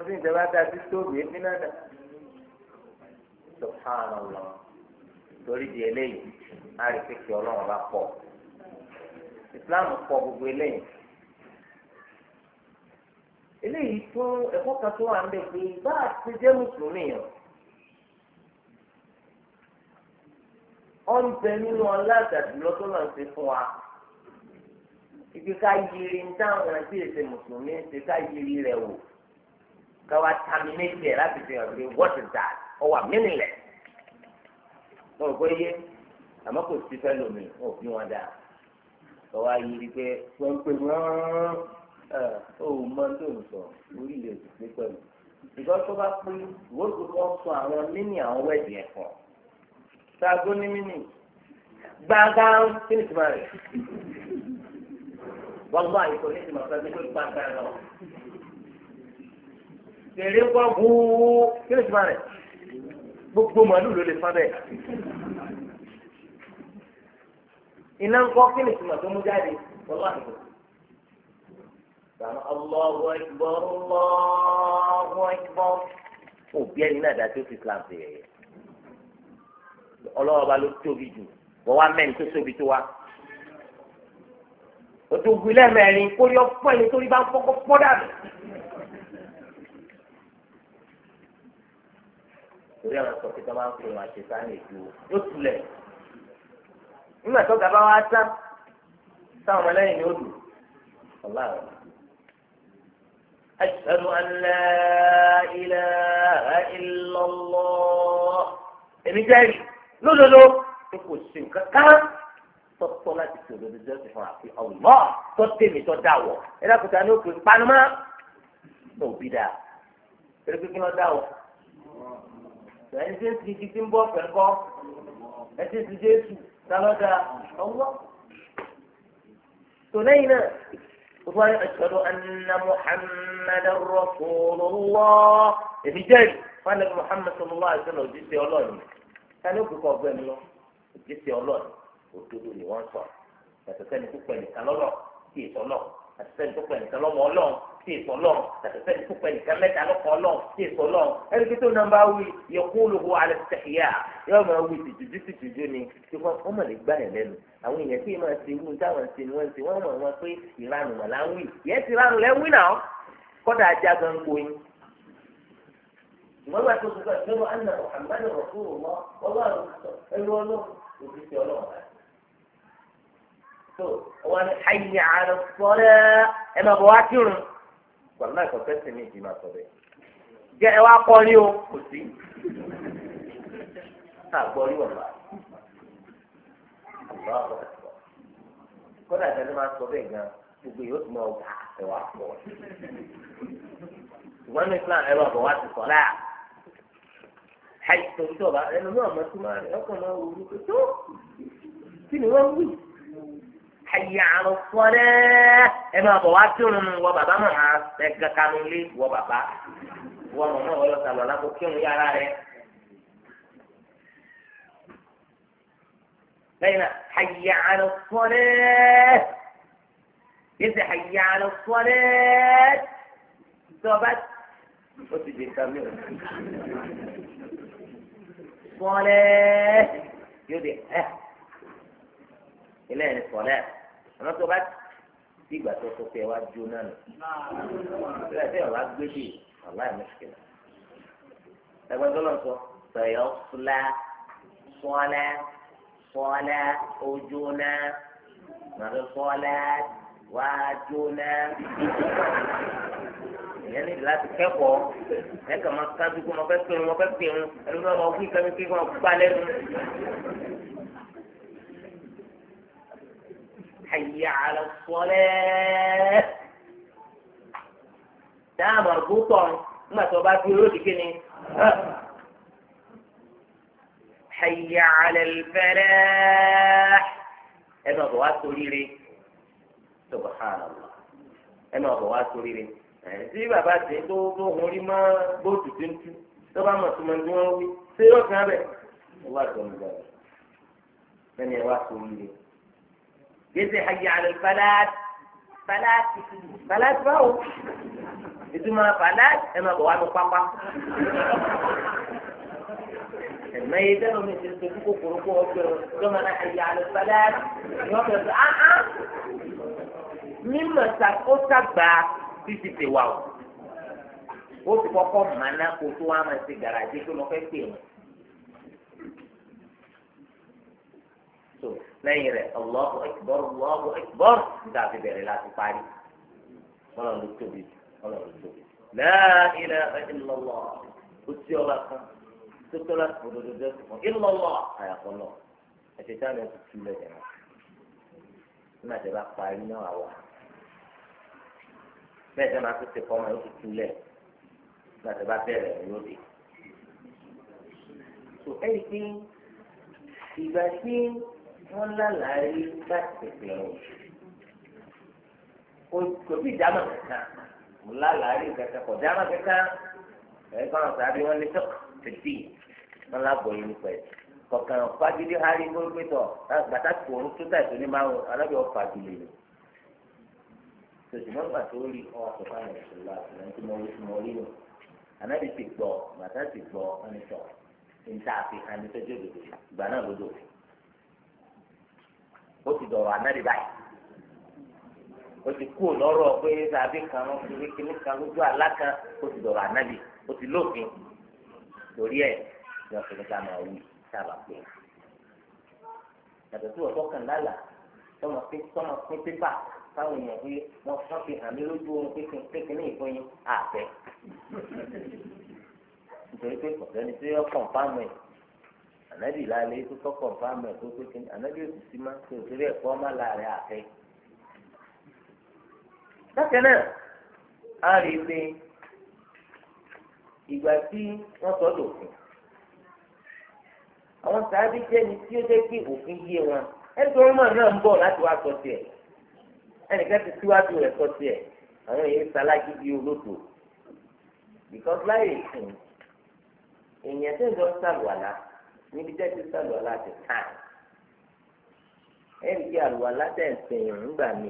fi dá dá sí tóbi náà dá. torí di eléyìí á rí kékeré ọlọ́run bá pọ̀ ìsìláàmù pọ̀ gbogbo eléyìí eléyìí fún ẹ̀kọ́ kan tó wà ń bẹ̀ pé bá a ti jẹ́ mùsùlùmí yàn ọ ń bẹ nínú ọlá àgbàdúrà tó lọ́n ṣe fún wa ibi ká yiri ń dáhùn àti èsè mùsùlùmí ṣe ká yiri rẹ̀ wò ká wa tàmí méjì ẹ̀ láti fi hàn pé what is that ọ wà mílíọ̀nù mo rò pé yé àmọ́ kò sí fẹ́ lómi wọn ò bí wọn dáa lọ wá yiri pé wọn pè wọn ó mọ tó ń sọ orí ilé òṣìṣẹ́ pẹ̀lú ìgbà tó bá pé ìwọ́sùn kan sọ àwọn níní àwọn wẹ́ẹ̀dì ẹ̀kọ́ ṣáàgó ní mímì gbàgà kí ni tìmọ̀ rẹ̀ wọ́n bá àyíkọ́ ní tìmọ̀ sọ́dún tó gbàgbà lọ. Tèrè kọ́ bú kí ni tìmọ̀ rẹ̀ gbogbo màálù ló lè fa bẹ́ẹ̀. iná ń kọ́ kí ni tìmọ̀ tó mú jáde wọ́n wà nìkan. Allahu akbar Allahu akbar òbí ẹni náà dájú fi Islam ṣe yẹ̀yẹ́ ọlọ́wọ́ ba ló tóbi jù wọ́n wá mẹ́rin tó tóbi tó wá. òtún gbilẹ̀ mẹ́rin kó yọ fún ẹni tó bá ń kọ́kọ́ pọ́ dànù. torí àwọn sọ pé tó máa ń pè wọn àti sáà nìjú yóò tulẹ̀ nígbà tó gàba wá tán táwọn ọmọlẹ́yìn ni ó dùn ọ̀la rẹ̀. أشهد أن لا إله إلا الله èmi jẹ́rìí lódodo tó kò sí nǹkan kan tọ́tọ́ láti fi òdodo jẹ́ fún àfi ọ̀lọ́ tó tèmi tó dà wọ̀ ẹ dákúta ní òkè panumá ní òbí dà pẹ̀lú pé kí wọ́n dà wọ̀ ẹni tí ń ti igi tí ń bọ́ ọ̀fẹ́ kọ́ ẹni tí ń ti jésù sálọ́dà ọwọ́. tó lẹ́yìn náà wọ́n ní ashhadu anna muhammadan rasulullah èmi jẹ́rìí wọ́n ní muhammad sallallahu alaihi wasallam òjíṣẹ́ ọlọ́ọ̀ni ká ló kúkọ ọgbẹ́ lọ òjíṣẹ́ ọlọ́ọ̀ni òdodo ni wọ́n sọ àtẹ̀sẹ́ni púpọ̀ ẹnìkan lọ́lọ́ kí èso lọ àtẹ̀sẹ́ni púpọ̀ ẹnìkan lọ́mọ ọlọ́ọ̀ tí èso lọ tàbí fẹ́ẹ́ tó pẹ́ nìkan mẹ́ta lọ́kọ̀ọ́ lọ tí èso lọ ẹni pé tó nàmbá wí yẹ̀kú olùkọ́ alẹ́ tẹ̀yà yóò máa wí tìtìjú tìtìjú ni tí wọ́n mọ̀ lè gbá yẹn lẹ́nu àwọn èèyàn tí máa ṣe irú táwọn ṣe ni wọ́n ṣe wọ́n mọ̀ wọn pé ìranù mà láń wí yẹn ti ranù lẹ́ ń wí náà kọ́dà ajá gan gbóyin. ìmọ̀lá tó sọ ìṣòro anna muhammadu rasulullah ọlọ́run ẹlú ọlọ́run òfìsì ayé àrùn sọ́lá ẹ máa bọ̀ wá kírun. wàlúmọ̀ ẹ̀kọ́ fẹ́sẹ̀ ní ìdí máa sọ bẹ́ẹ̀. jẹ́ ẹ wá kọrin o kò sí. náà gbọ́ orí wọ̀lá. kódà ìdájọ́ máa sọ bẹ́ẹ̀ gan gbogbo yóò tún máa gbà ẹ wá pọ̀. ìwọ́n ní Islam ẹ̀rọ ọ̀bọ̀ wá ti sọ láà. àì torí tó ọba ẹnu náà mọ̀ tó máa rẹ̀ ọkàn máa wù ú pé tó kí ni wọ́n wù hayya ala salah ẹ máa bọ̀ wá nu wọ bàbá màmá ẹ kankan nílé wọ bàbá wọ màmá wọ lọ́sà lọ́la kó kí òun ti di àmọ́ tó bá ti ìgbà tó tó fẹ́ wá jó náà nù sílẹ̀ tí wọ́n bá gbé dè ọ̀la ẹ̀ mẹ́sìkìlá ẹgbẹ́ tó lọ sọ sọ̀yọ́ fúlá sọ́lá sọ́lá ojú náà màdó sọ́lá wájú náà ìyẹn níbi láti kẹ́kọ̀ọ́ ẹ̀ka máa kájú kó wọn fẹ́ pinnu wọn fẹ́ pinnu ẹ̀rú náà wọn wí kẹ́míkẹ́ wọn gbá lẹ́nu. حي على الصلاة ده مربوطة ما تبقى في كده حي على الفلاح اما ضوات سوريري سبحان الله اما ضوات سوريري bàbá tó tó hun rí ń tó bá tó kéde ayé àlè fàlàt fàlàt fàlàt báwo ìtumọ̀ fàlàt ẹ̀ máa bọ̀ wá ní pápá. ما يدانوا من تلتفقوا قرقوا كما نحي على الصلاة يوقف آآ مما ساقوتا با títí ti wà o ó ti kọ́kọ́ màná kó tó wá máa ṣe gàràjì lọ fẹ́ pè wọ́n. lẹ́yìn rẹ̀ Allahu Akbar Allahu Akbar nígbà tí bẹ̀rẹ̀ láti parí ọlọ́run ló tóbi ọlọ́run ló tóbi La ilaha illallah kò sí ọba kan tó tọ́lá òdodo dẹ́kun fún illallah àyàfọ́ náà ẹ̀sẹ̀ tí a lọ sí ilẹ̀ jẹ̀ náà nígbà tí a bá parí náà àwọ̀ bẹ́ẹ̀ tí a máa tó ti kọ́ ọmọ yóò tutù lẹ̀ nígbà tí a bá bẹ̀rẹ̀ yóò dé. tó ẹ̀rí pé ìgbà tí wọ́n lálàárí láti tètè rò kò sí ìdámọ̀ kankan mo lálàárí kankan kò dámọ̀ kankan ẹ̀ kọ́ àwọn sábẹ́ wọn ní tọ́kù tètè wọn lábọ̀ yìí nípa ẹ̀ kọ̀kan fagídí hárí gbọ́dọ̀ gbàtà ah, tó ń tó tàìsó ní márùn alábẹ́ ọ̀fà gílè ni tòṣùmọ́ gbà tó rí ọ àtọ̀fà nàìjíríà lẹ́yìn tí mo rí mo rí nù anábì ti gbọ́ gbàtà ti gbọ́ ọ̀nìtọ̀ níta àfihàn ní tọ́jú òdòdó ìgbà náà lódò ó ti dọ̀rọ̀ ànádi báyìí ó ti kú lọ́rọ̀ pé sàbí kan ló fi kíní kan lójú àlá kan ó ti dọ̀rọ̀ ànádi ó ti lófin torí ẹ̀ ní ọ̀sẹ̀ ká máa wí sábà pé yàtọ̀ sí ọ̀tọ́ kan lálà tọmọ pé tọmọ pé pépà táwọn èèyàn pé wọn wọn fi hàn mí lójú ohun pé kékeré ìfún yín àfẹ nítorí pé kọ̀ọ̀tẹ́ni tí ó kàn fáwọn ẹ̀ ànábì lálẹ́ tó tọkọ̀ fáàmù ẹ̀ tó pé kí ànábì òkú sí má tó torí ẹ̀kọ́ má láàrin àfẹ́. bákan náà a rí i pé ìgbà tí wọ́n sọ dòfin àwọn sáábì jẹ́ni tí ó jẹ́ kí òfin yé wọn ẹni tó mọ̀ náà ń bọ̀ láti wá sọ tiẹ̀ ẹnìkan ti síwájú rẹ̀ sọ tiẹ̀ àwọn èèyàn ṣaláàgì bíi olódò because láyé ìsìn èèyàn tó ń lọ sàlùwàlà níbi tẹ́ ti sàlù aláàtì tán ẹ̀rí kí àlù aláàtì ẹ̀sìn ìrùn gbà mí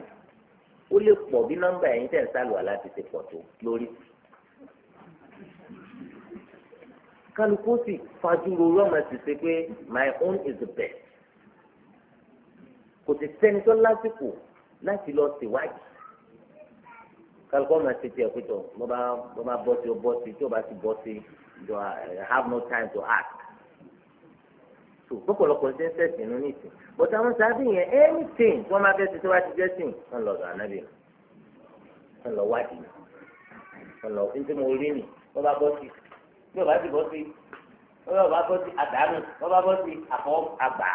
ó lè pọ̀ bí nọ́mbà ẹ̀yìn tẹ̀ sàlù aláàtì ti pọ̀ tó lórí. kálukú sì fajúro rọ́mà sì ṣe pé my own is the best kò sì sẹ́ni tó lásìkò láti lọ síwájú kálukú ọmọ ti tiẹ̀ pé tó bọ́ bá bọ́ sí ó bọ́ sí tí ó bá ti bọ́ I have no time to ask so pọ̀pọ̀lọpọ̀ ṣe ń sẹ̀sìn inú ní ìsìn bọ́tà wọn sábì yẹn anything tí wọ́n máa fẹ́ ṣe tí wọ́n ti jẹ́ sìn wọ́n lọ sọ̀rọ̀ ànábì wọ́n lọ wádìí wọ́n lọ ní tí mo rí nì wọ́n bá bọ́ sí bí ọba ti bọ́ sí wọ́n bá bọ́ sí àdánù wọ́n bá bọ́ sí àfọ́ àgbà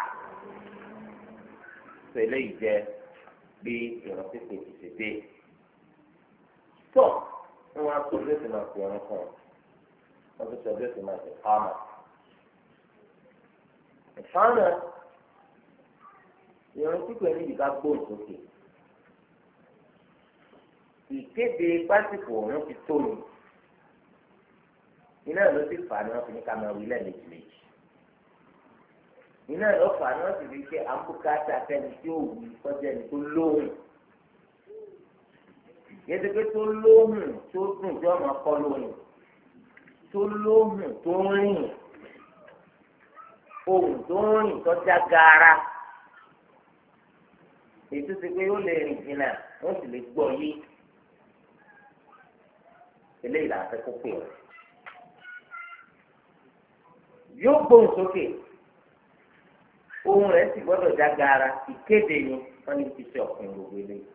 sọ eléyìí jẹ́ bí ìrọ̀pípé ti ṣe dé tó wọ́n á sọ bí ó ti máa fi ọ̀run kan wọ́n ti sọ bí ó ti máa fi kọ́ ẹ̀fọ́nà ìrántí pẹ̀lú ìdíkà gbóhùn sókè ìkéde pásítọ̀ ọ̀hún ti tó ni iná ló ti fà ní wọn fi ní ká máa wí lẹ́ẹ̀mejì méjì iná ló fà ní wọn sì fi ṣe àbúkátà fẹ́ni tí ó wù kọjá ẹni tó lóhùn yẹtẹkẹ tó lóhùn tó dùn tí wọn máa kọ lóhùn tó lóhùn tó rìn ohun tó ń rìn tó já gaara ètò ti pé ó lè rìn jìnnà wọ́n sì lè gbọ́ yé eléyìí là ń fẹ́ kó pè ọ́ yóò gbóhùn sókè ohun rẹ̀ sì gbọ́dọ̀ já gaara ìkéde ni wọ́n ní ti ṣe ọ̀pìn gbogbo eléyìí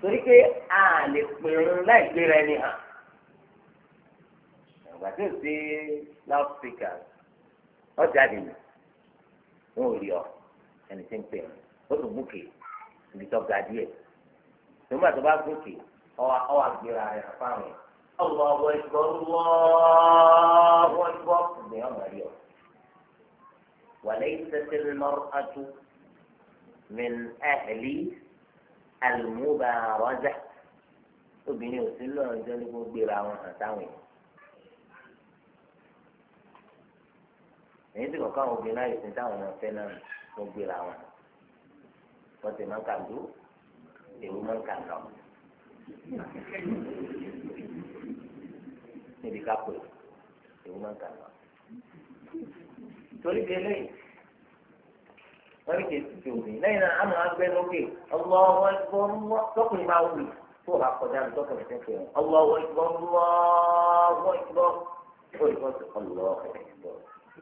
torí pé a lè pè láì gbéra ẹni hàn ìgbà tí ò sí láùpìkà ọjà dì mí wọn ò rí ọ ẹni tí ń pè ọ ó tún gòkè ibi tó ga díẹ̀ nígbà tó bá gòkè ọ wà gbéra rẹ fáwọn ọwọ́ ọwọ́ ìgbọ́ ọwọ́ ìgbọ́ ìgbẹ́ ọmọ rí ọ. وليست المرأة من أهل المبارزة obìnrin ò sí lọ́rùn jẹ́ ní gbéra wọn hàn sáwọn èyí sì kọ̀ọ̀kan àwọn obìnrin láyé sí náà fẹ́ náà ló gbéra wọn wọ́n ti máa ń kà dúró èrò máa ń kà lọ. níbi ká pè èrò máa ń kà lọ. torí bí eléyìí wọ́n ní kí ti obìnrin lẹ́yìn náà àmọ́ agbẹ́ lókè ọlọ́wọ́ ìgbọ́nwọ́ tọkùnrin máa wù tó o bá kọjá lọ tọkùnrin tó ń pè wọn ọlọ́wọ́ ìgbọ́nwọ́ ọlọ́wọ́ ìgbọ́n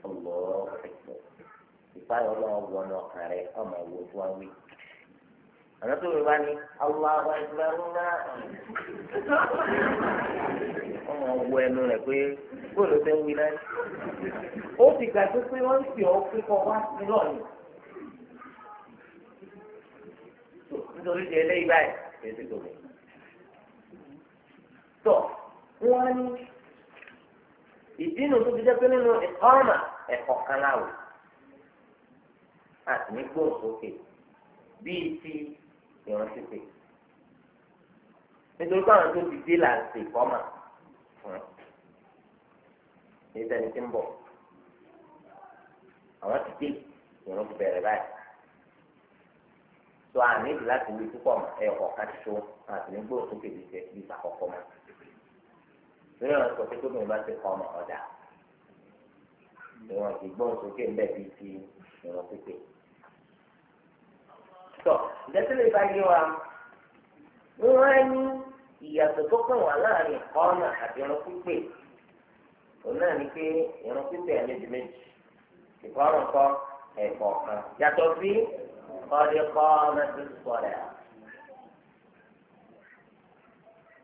ọlọ́ọ̀ ìfáyọ̀ náà wọnà ọkàn rẹ̀ ọmọ ìwò tó wá wí. àná tó yorùbá ni aláwa ìgbàlú náà ọmọ wọ ẹnu rẹ̀ pé bóòlù tẹ́ wí náà ó ti gbàgbé pé wọ́n ń fi ọ́ pípọ̀ wá sí lọ́ọ̀nì. nítorí ti eléyìí báyìí kì í ti tòmí. tọ́ wọ́n á ní ìdínà tó fi jẹ́ pé nínú ìkọ́ọ̀mà ẹ̀kọ́ kan láwò àti ní gbòǹsókè bíi ti ìrántí pè nítorí káwọn tó ti dé là ń ṣe ìkọ́ọ̀mà fún èyí tẹni tí ń bọ̀ àwọn ti dé ìrún ti bẹ̀rẹ̀ báyìí tó àníbi láti wí púpọ̀ ẹ̀kọ́ kan ti àti ní gbòǹsókè bíi tẹ̀ bíi ìsàkọ́kọ́ mọ́ torí àwọn sọ pé tóbi ìbá ti kọ ọmọ ọ̀dà ìwọ̀n ti gbọ́n sókè ńbẹ̀ bíi ti ìwọ̀n pípé. tọ́ ìdẹ́sílẹ̀ bá yé wa wọ́n á ní ìyàtọ̀ tó kàn wá láàrin ọ̀nà àti ìrun pípé òun náà ni pé ìrun pípé ẹ̀ méjì méjì ìkọ́rùn-ún kọ́ ẹ̀kọ́ kan yàtọ̀ sí ọ̀dẹ̀kọ́ ọ̀nà tó sọ̀rọ̀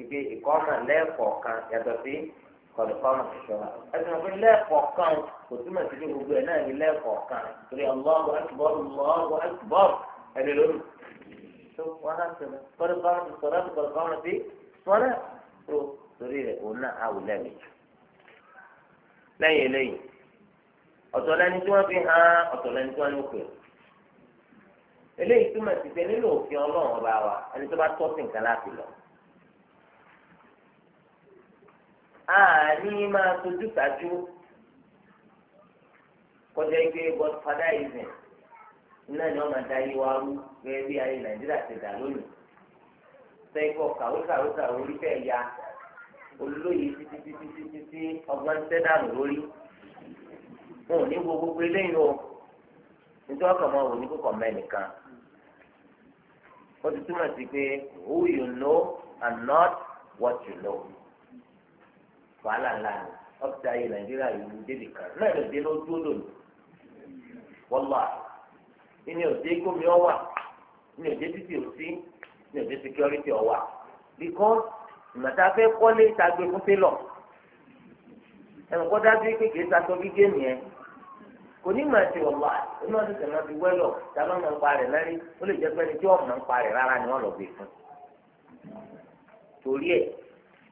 ìgbé ìkọ́mọ̀ lẹ́ẹ̀kọ̀ọ̀kan yàtọ̀ sí kọ̀dùkọ́mọ̀ ìṣọ́ra. ẹ̀sìn òfin lẹ́ẹ̀kọ̀ọ̀kan kò túmọ̀ sí pé gbogbo ẹ̀ náà ní lẹ́ẹ̀kọ̀ọ̀kan torí Allahu akbar Allahu akbar ẹni lónìí. tó wọn á sọ kọ̀dùkọ́mọ̀ ìṣọ́ra ti kọ̀dùkọ́mọ̀ sí sọ́ra tó torí rẹ̀ òun náà á wù lẹ́ẹ̀mejì. lẹ́yìn eléyìí ọ̀tọ̀ lẹni tí wọ́n fi hàn ọ̀tọ̀ lẹni tí wọ́n ní pè eléyìí túmọ̀ sí pé nínú òfin Ọlọ́run ọba wa ẹni tó bá tọ́sìn kan láti lọ àní máa tójú tájú kọjá ike godfatherism náà ni wọ́n máa da yíwá rú gẹ́gẹ́ bí ayé nàìjíríà ti dà lónìí sẹ́kọ̀ kàwékàwékà orí fẹ́ ya olóyè títí títí títí tí ọgbọ́n sẹ́dánù lórí wọn ò ní wo gbogbo eléyìí o nítorí ọkàn máa wò ní kókò mẹ́nìkan ó ti túmọ̀ sí pé who you know and not what you know. wàhálà ńlá ni ọ́fíìsì ayé nàìjíríà ìlú débì kan mẹ́rin dé ló dúró lónìí wọ́lá ìní òde gómìnà ọ̀wà ìní òde títì òsí ìní òde security ọ̀wà because ìmọ̀ta fẹ́ kọ́lé ta gbé fún télọ̀ kọ́ dájú pé sasọ gígé nìyẹn kò ní màá ti wọ̀lá tẹ̀lé ti wẹ́lọ̀ máa ń pa rẹ̀ ó lè jẹ́ tí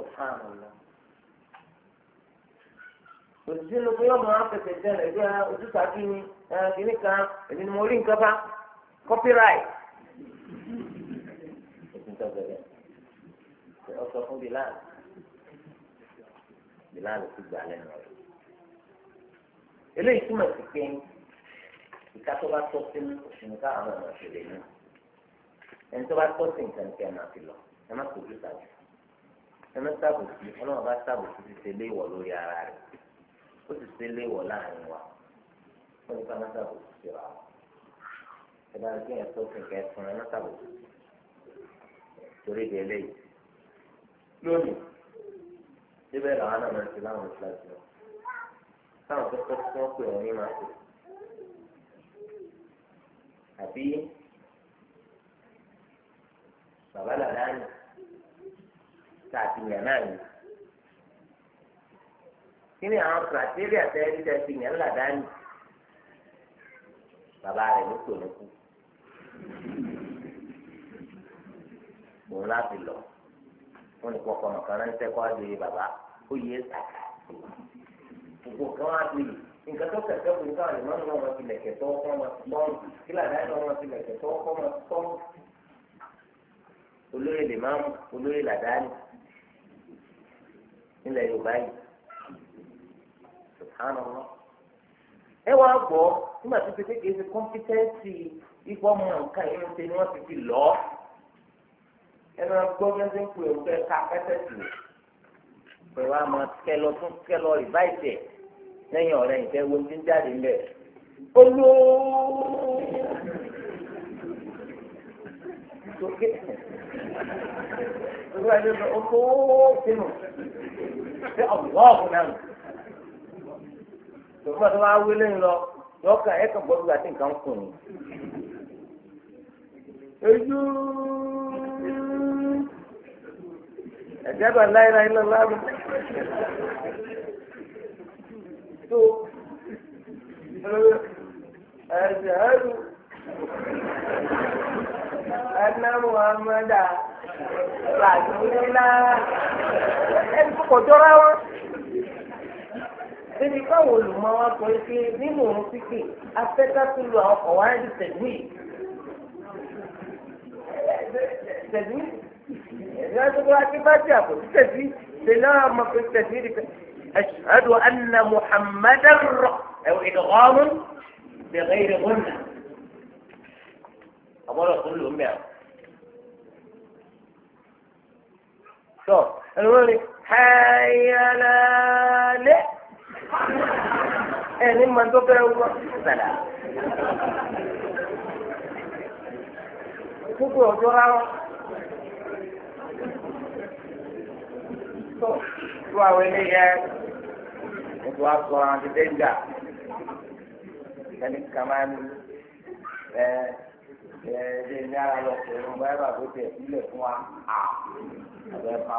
subhanallah òtítí ló pé ọmọ afẹsẹ̀ tẹ́lẹ̀ bí ah, ojúta kí ni ah, kìíní kan èmi ni mo rí nǹkan bá copyright. ó sọ fún Bilal Bilal ti gbà lẹ́nu rẹ̀ eléyìí túmọ̀ sí pé ìka tó bá tọ́ sínú òṣìṣẹ́ káwọn ọmọ ọmọ ṣẹlẹ̀ náà ẹni tó bá tọ́ sí nǹkan tí a máa ẹnu sábòsí ọlọ́run bá sábòsí ti ṣe léèwọ̀ lórí ara rẹ̀ ó sì ṣe léèwọ̀ láàrin wa wọ́n ní ká má sábòsí sí ra wọn ẹ bá rí kéèyàn tó kẹ̀kẹ́ fún ẹ má sábòsí torí di eléyìí lónìí síbẹ̀ làwọn náà máa ti láwọn ìfúláṣí lọ táwọn tó kọ́ tí wọ́n pè wọ́n ní máa pè àbí bàbá làdáni tàbí yàn náà yìí kí ni àwọn kìrìtẹ́rìà tẹ́lẹ̀ tẹ́ fi yàn ńlá dání bàbá rẹ̀ ló tò lókù òun láti lọ wọn ní kọkọ mọ̀kàn náà ń tẹ́kọ́ adé bàbá ó yẹ sàkà gbogbo kan wá sí i nǹkan tó kẹ̀kẹ́ fún nǹkan àlè mọ́nú wọn ti lẹ̀kẹ̀ tó kọ́ wọn tọ́ọ̀nù kí làdáyé wọn ti lẹ̀kẹ̀ tó kọ́ wọn tọ́ọ̀nù olóyè lè máa mú olóyè làdáyé nílẹ̀ yorùbá yìí subhanallah ẹ wá gbọ́ nígbà tó ti kékeré ṣe kọ́mpítẹ́ǹsì ikú ọmọ nǹkan yìí ṣe ni wọ́n ti fi lọ ẹ máa gbọ́ mẹ́sẹ̀ ń pè ó fẹ́ ká pẹ́sẹ̀ tù pẹ̀lú àmọ́ kẹlọ fún kẹlọ rìváìsì ẹ̀ lẹ́yìn ọ̀rẹ́ ìfẹ́ wo ti ń jáde ńlẹ̀ olóòó sókè olóòó sínú ṣé ọ̀wọ́ọ̀hún náà nù. tòun náà tó wá wí lẹ́yìn lọ lọ́kàn ẹ̀ kàn gbọ́dọ̀ àti nǹkan kùn ní. ojú ẹ̀jẹ̀ bá láìláì lọ́la mi. tó ẹ̀jẹ̀ ẹ̀rù ẹ̀nà Muhammadu. làdúrà ẹni tó kò jọra wọn. Bébí káwọn olùmọ̀ wa sọ pé nínú òun pípé afẹ́ká tó lu àwọn ọkọ̀ wáyé di tẹ̀gbìn. Tẹ̀gbìn ìyá tó bá ké bá ti àpò tẹ̀gbìn tẹ̀lé àwọn ọmọ pé tẹ̀gbìn rí pé ashhadu anna muhammadan rọ ẹ̀wọ̀n ìdọ̀gọ́mù bẹ̀rẹ̀ ìrẹ̀wọ̀n náà. Àbọ̀dọ̀ tó lò ń bẹ̀rẹ̀. tọ́ ẹnu wọn ni hayalálẹ́ ẹni máa tó fẹ́ wọ́n sàdá. Gbogbo ọjọ́ rárá. Tó àwọn eléyẹ ètò àpò àwọn àti dẹ́ńdà. Ẹni kàmáà ní ẹ. ẹ̀ẹ́dẹ́ ní ara lọ pẹ̀lú báyìí bàbá tẹ̀ sílẹ̀ fún wa à ẹ̀rọ ẹ̀fọ́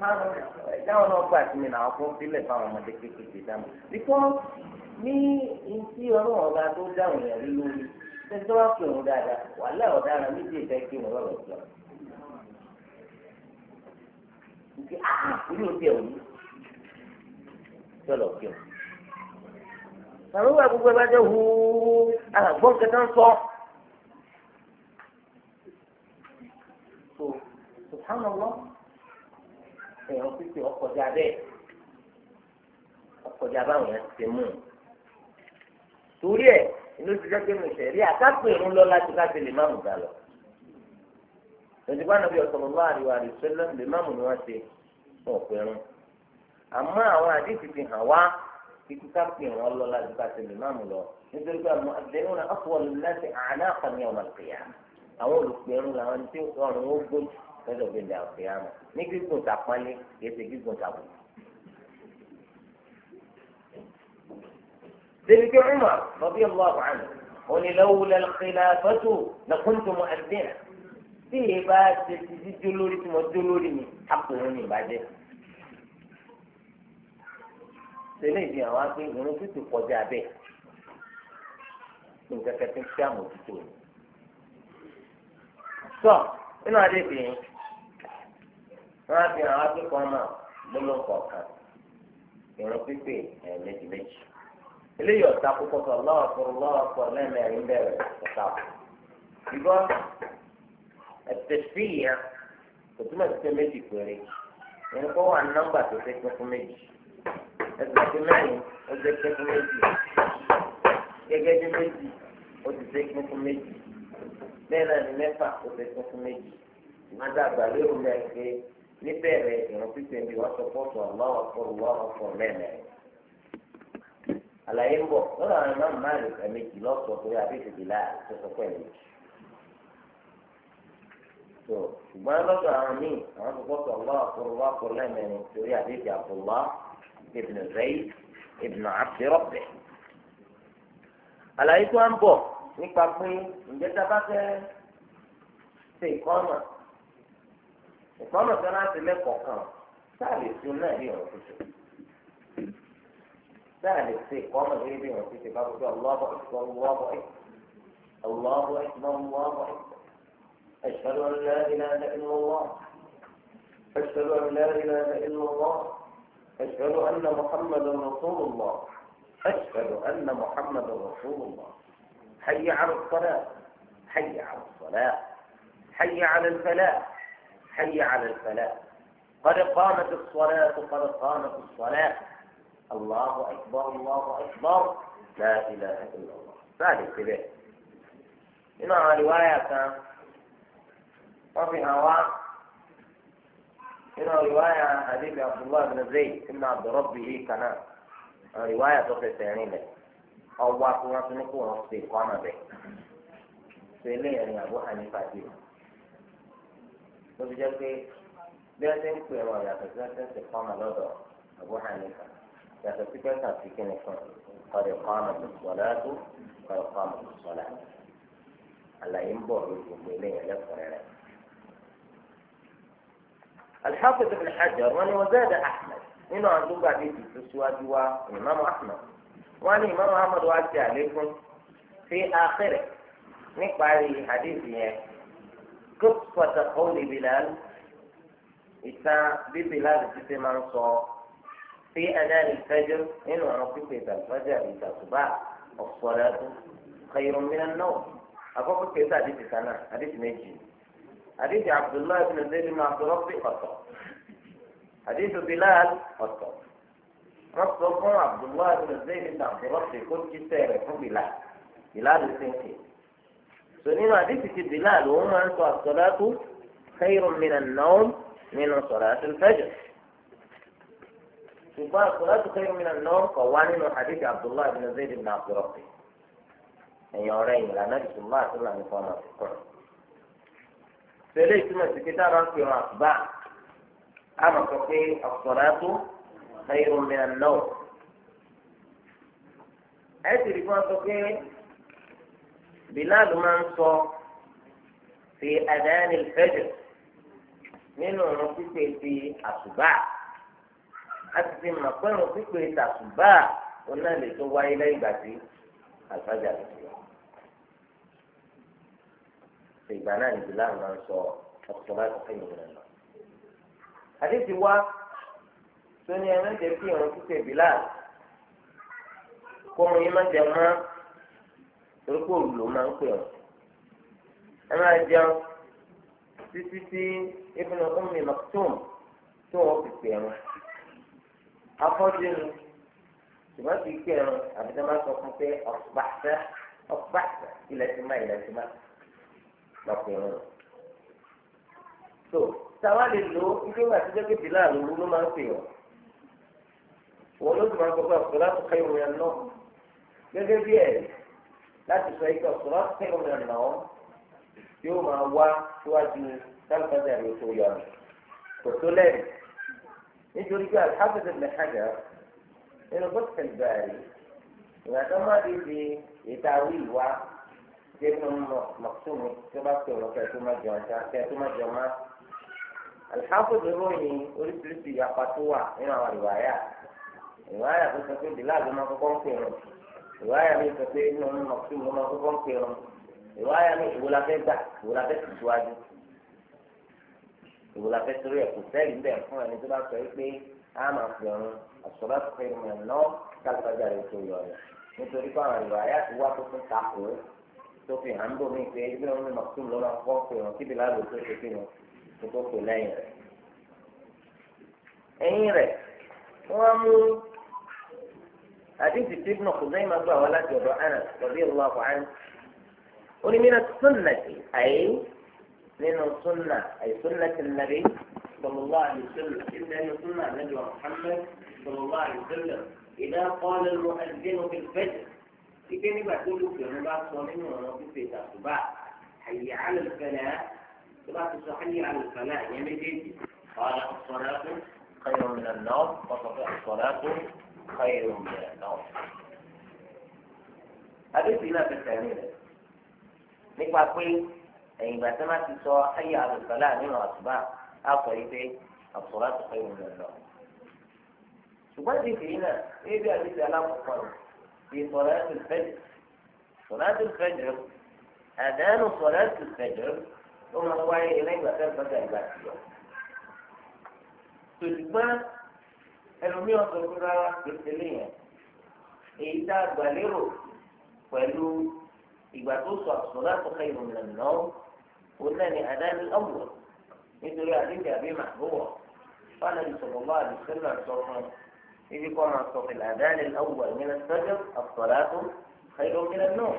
náà gbà sí mi náà fún sílẹ̀ fáwọn ọmọdé kékeré Bíkọ́ ní ìtí ọlọ́run ọba tó dáhùn yẹn lórí tẹ́tọ́ wá pè wọ́n dáadáa wà méjì ìfẹ́ kí wọ́n àwọn ìwà gbogbo ẹ bá jẹ́ huu àgbọ̀n kẹta ń sọ. so subhanallah ẹ̀yàn pípé ọkọ̀jà bẹ́ẹ̀ ọkọ̀jà báwọn yẹn ti mú un. torí ẹ̀ inú ti dẹ́gbẹ́ mi sẹ̀rí àtàkùn ìrún lọ láti láti lè má mú ga lọ. lọ́dún bá nàbí ọ̀sán lọ́wọ́ àríwá àríwá lè má mú ni wọ́n ṣe wọn ò àmọ́ àwọn àdìsí ti hàn wá. kíkú káfíń wọn lọ láti bá ti lè máàmù lọ nítorí pé àwọn àdéhùn náà ọ̀pọ̀ láti àlàkà ní ọmọ ìpìyà àwọn olùpẹ̀rù làwọn tí ọrùn ó gbó lọ́dọ̀ bí ìdá ìpìyà mọ̀ ní gígùn tàpọ́nlé kìí ṣe gígùn tàbù. débi kí ọmọ bàbí ọlọ́ àbáhàn onílọ́wọ́lẹ́ xilafatu lọ́kùntù mọ́ àdéhà tí ìbá ṣe ti dí dólórí tí mo dólórí mi àpò òun ìbàjẹ́. tẹ́lẹ̀ ìdí àwọn agbé irun títí kọjá bẹ́ẹ̀ ní kẹkẹ tí ń fi àmójútó ni. sọ nínú adébìyìn wọn á fi hàn wá pípọ̀ náà lọ́lọ́ kọ̀ọ̀kan irun pípé ẹ̀ méjì méjì. eléyìí ọ̀tá púpọ̀ sọ lọ́ọ̀pọ̀ lọ́ọ̀pọ̀ lẹ́mẹ̀rin bẹ̀rẹ̀ ọ̀tá pọ̀. ìbọn ẹ̀tẹ̀síyà kò túmọ̀ sí pé méjì péré irun kọ́ wà nọ́mbà tó fẹ́ pín ẹgbẹ́ a mẹ́rin ó jẹ́ kẹ́kún méjì gẹ́gẹ́ bí méjì ó ti jẹ́ kẹ́kún méjì bẹ́ẹ̀ ni mẹ́fà ó jẹ́ kẹ́kún méjì má dàgbà lérò mẹ́rin pé níbẹ̀rẹ̀ ìrùn pípẹ́ bí wọ́n sọ fọ́ọ̀tù ọ̀lọ́wọ́ fọ́ọ̀rù wọ́ọ̀rọ̀ fọ́ọ̀rù mẹ́rin àlàyé ń bọ̀ lọ́dọ̀ àwọn pé ṣùgbọ́n lọ́dọ̀ àwọn míì àwọn ابن زيد ابن عبد ربه على ايكو امبو نيكو امبو نجد باك سي قوما قوما سنة سمي قوكا سالي سيونا هي وفشو سالي سي قوما هي بي وفشو بابو سي الله اكبر الله اكبر الله اكبر الله اكبر اشهد ان لا اله الا الله اشهد ان لا اله الا الله أشهد أن محمدا رسول الله أشهد أن محمدا رسول الله حي على الصلاة حي على الصلاة حي على الفلاح حي على الفلاح قد قامت الصلاة قد قامت الصلاة الله أكبر الله أكبر لا إله إلا الله ذلك به إنها رواية وفي هواه هنا رواية حديث عبد الله بن زيد إن عبد ربه كان رواية تصل ثاني لك أو بعض الناس نكون نصدي قام به سيلي يعني أبو حنيفة دي وفي جلسة بيتين كويما يتزلزل في قام لدى أبو حنيفة يتزلزل في كنفة قد قامت الصلاة قد قامت الصلاة على ينبغي من إليه لفظ الحافظ ابن حجر وأن وزاد أحمد nínú àwọn tó gbàdé ti tó síwájú wa ìmáàmù ahmed wọn ní ìmáàmù ahmed wa ti àlékún sí àkẹrẹ níparí àdéhùn yẹn kó pàtàkó lè bilal ìtàn bí bilal ti ṣe máa ń sọ sí adáni ìfẹjọ nínú àwọn pípé ìtàkùnfẹjọ ìtàkùnbá ọ̀pọ̀lọpọ̀ kẹyìrún mìíràn náà àkọ́kọ́ kẹta àdéhùn kan náà àdéhùn méjì. حديث عبد الله بن زيد بن عبد ربي خطأ حديث بلال خطأ رب عبد الله بن زيد بن عبد ربي كل كتاب يكون بلال بلال السنكي سنين حديث بلال وهم أنتوا الصلاة خير من النوم من صلاة الفجر ṣùgbọ́n àkùrẹ́tù kẹ́yìn mi náà kọ̀ wá nínú hadith abdullahi bin zayd bin abdulrahman يعني ọ̀rẹ́ yìí lànà الله àti lànà ìfọ̀nà kọ̀ tẹ̀lé ìtumọ̀ sí pé táwọn ń pèrò àgbà á mọ̀ sọ pé ọ̀sọ̀rọ̀ tó ẹ̀rọ mìíràn náà. ẹ sì rí fún ọ sọ pé Bilal máa ń sọ fi àdáyẹnì fẹ́jọ nínú ọ̀rọ̀ pípé ti àṣùbà a fi mọ̀ pé ọ̀rọ̀ pípé ti àṣùbà ọ̀nà lè tó wáyé lẹ́yìn ìgbà tí àlùfáàjà lè tó ìgbà náà ní ìdílé àwọn máa ń sọ ọ̀pọ̀ láti fẹ́ ìyẹn lọ. àdéhùn wa tó ní ẹ̀rọ jẹ́ kí ìrún títẹ̀ ìbílà kó mu yín má jẹ mọ́ torí kó òrùlò máa ń pè ọ́. ẹ máa jẹun títí tí Ibn Ummi Maktum tó wọ́n fi pè ẹ̀rọ. afọ́jú ni ṣùgbọ́n pè ẹ̀rọ àbí tá máa sọ fún pé ọ̀pá ọ̀pá ilẹ̀ ti má ilẹ̀ ti má lọ́kùnrin. tó táwa lè lo ilé ìwà àtijọ́ pé bílà lóru ló máa ń pè ọ́ wọn ló sì máa ń gbọ́ pé ọ̀sọ̀rọ̀ àti kẹ́yìn òun yẹn náà gẹ́gẹ́ bí ẹ̀ láti sọ ikọ̀ ọ̀sọ̀rọ̀ àti kẹ́yìn òun yẹn náà yóò máa wá síwájú sáńkàtà rẹ̀ tó yọ ọ́ kò tó lẹ́yìn nítorí pé alḥafid al-hajar nínú bọ́sẹ̀ ìgbà rẹ̀ ìgbà tó ìtàwé ìwà nínú mọ̀túnmí tí wọ́n bá pè wọ́n kẹ́ẹ̀tún má jẹun ṣá kẹ́ẹ̀tún má jẹun má. alihamdulilayi ròyìn oríṣiríṣi ìyapa tó wà nínú àwọn ìwáyà ìwáyà tó sọ pé bílá ló máa kọ́kọ́ ń pè wọn ìwáyà mi sọ pé nínú mọ̀túnmí ló máa kọ́kọ́ ń pè wọn ìwáyà mi ìwòlàfẹ́ gbà ìwòlàfẹ́ ti tuwájú ìwòlàfẹ́ torí ẹ̀kú sẹ́ẹ̀lì bẹ́ẹ̀ fún ẹni tó bá sọ pé a máa pè wọn àṣọlá ti ẹ̀ náà kálífàjà rẹ̀ tó yọ ọ̀yà لا أي 都非常多那些，因为我们老公老了，包括我这边来做这些东西，都回来了。أي وهم هذه ابن خزيمة ولد أنا رضي الله عنه قل من السنة أي من السنة أي سنة النبي صلى الله عليه وسلم إن سنة النبي محمد صلى الله عليه وسلم إذا قال المؤذن في الفجر pé nígbà tó lùkìrún bá sọ nínú ọ̀rọ̀ pípé ìtàkùbà àyè àlùfẹ́lẹ́ tó bá ti sọ àyè àlùfẹ́lẹ́ àyè méjèèjì ọ̀rọ̀ àkùsọ̀rọ̀ ẹ̀kún kẹyọ̀ ọ̀nà náà ọ̀sọ̀fẹ́ àkùsọ̀rọ̀ ẹ̀kún kẹyọ̀ ọ̀nà náà. àdéhùn náà ti tẹ̀lé rẹ̀ nípa pé ẹ̀yìn ìgbà tí wọ́n ti sọ àyè àlùfẹ́lẹ́ nínú àtùbà á sọ yìí pé àkùsọ̀rọ̀ ẹ̀kún kẹyọ̀ ọ̀nà náà. ṣùgbọ́n في صلاة الفجر صلاة الفجر أدان صلاة الفجر ثم رواية إليه مثال بدأ بعد يوم تجمع الأمية الأخرى بالسلية باليرو بلغوا فلو يبطوصوا الصلاة خير من النوم وثاني أذان الأول مثل يعني أبي محبوب قال النبي صلى الله عليه وسلم يجي يكون على صوت الأذان الأول من الفجر الصلاة خير من النوم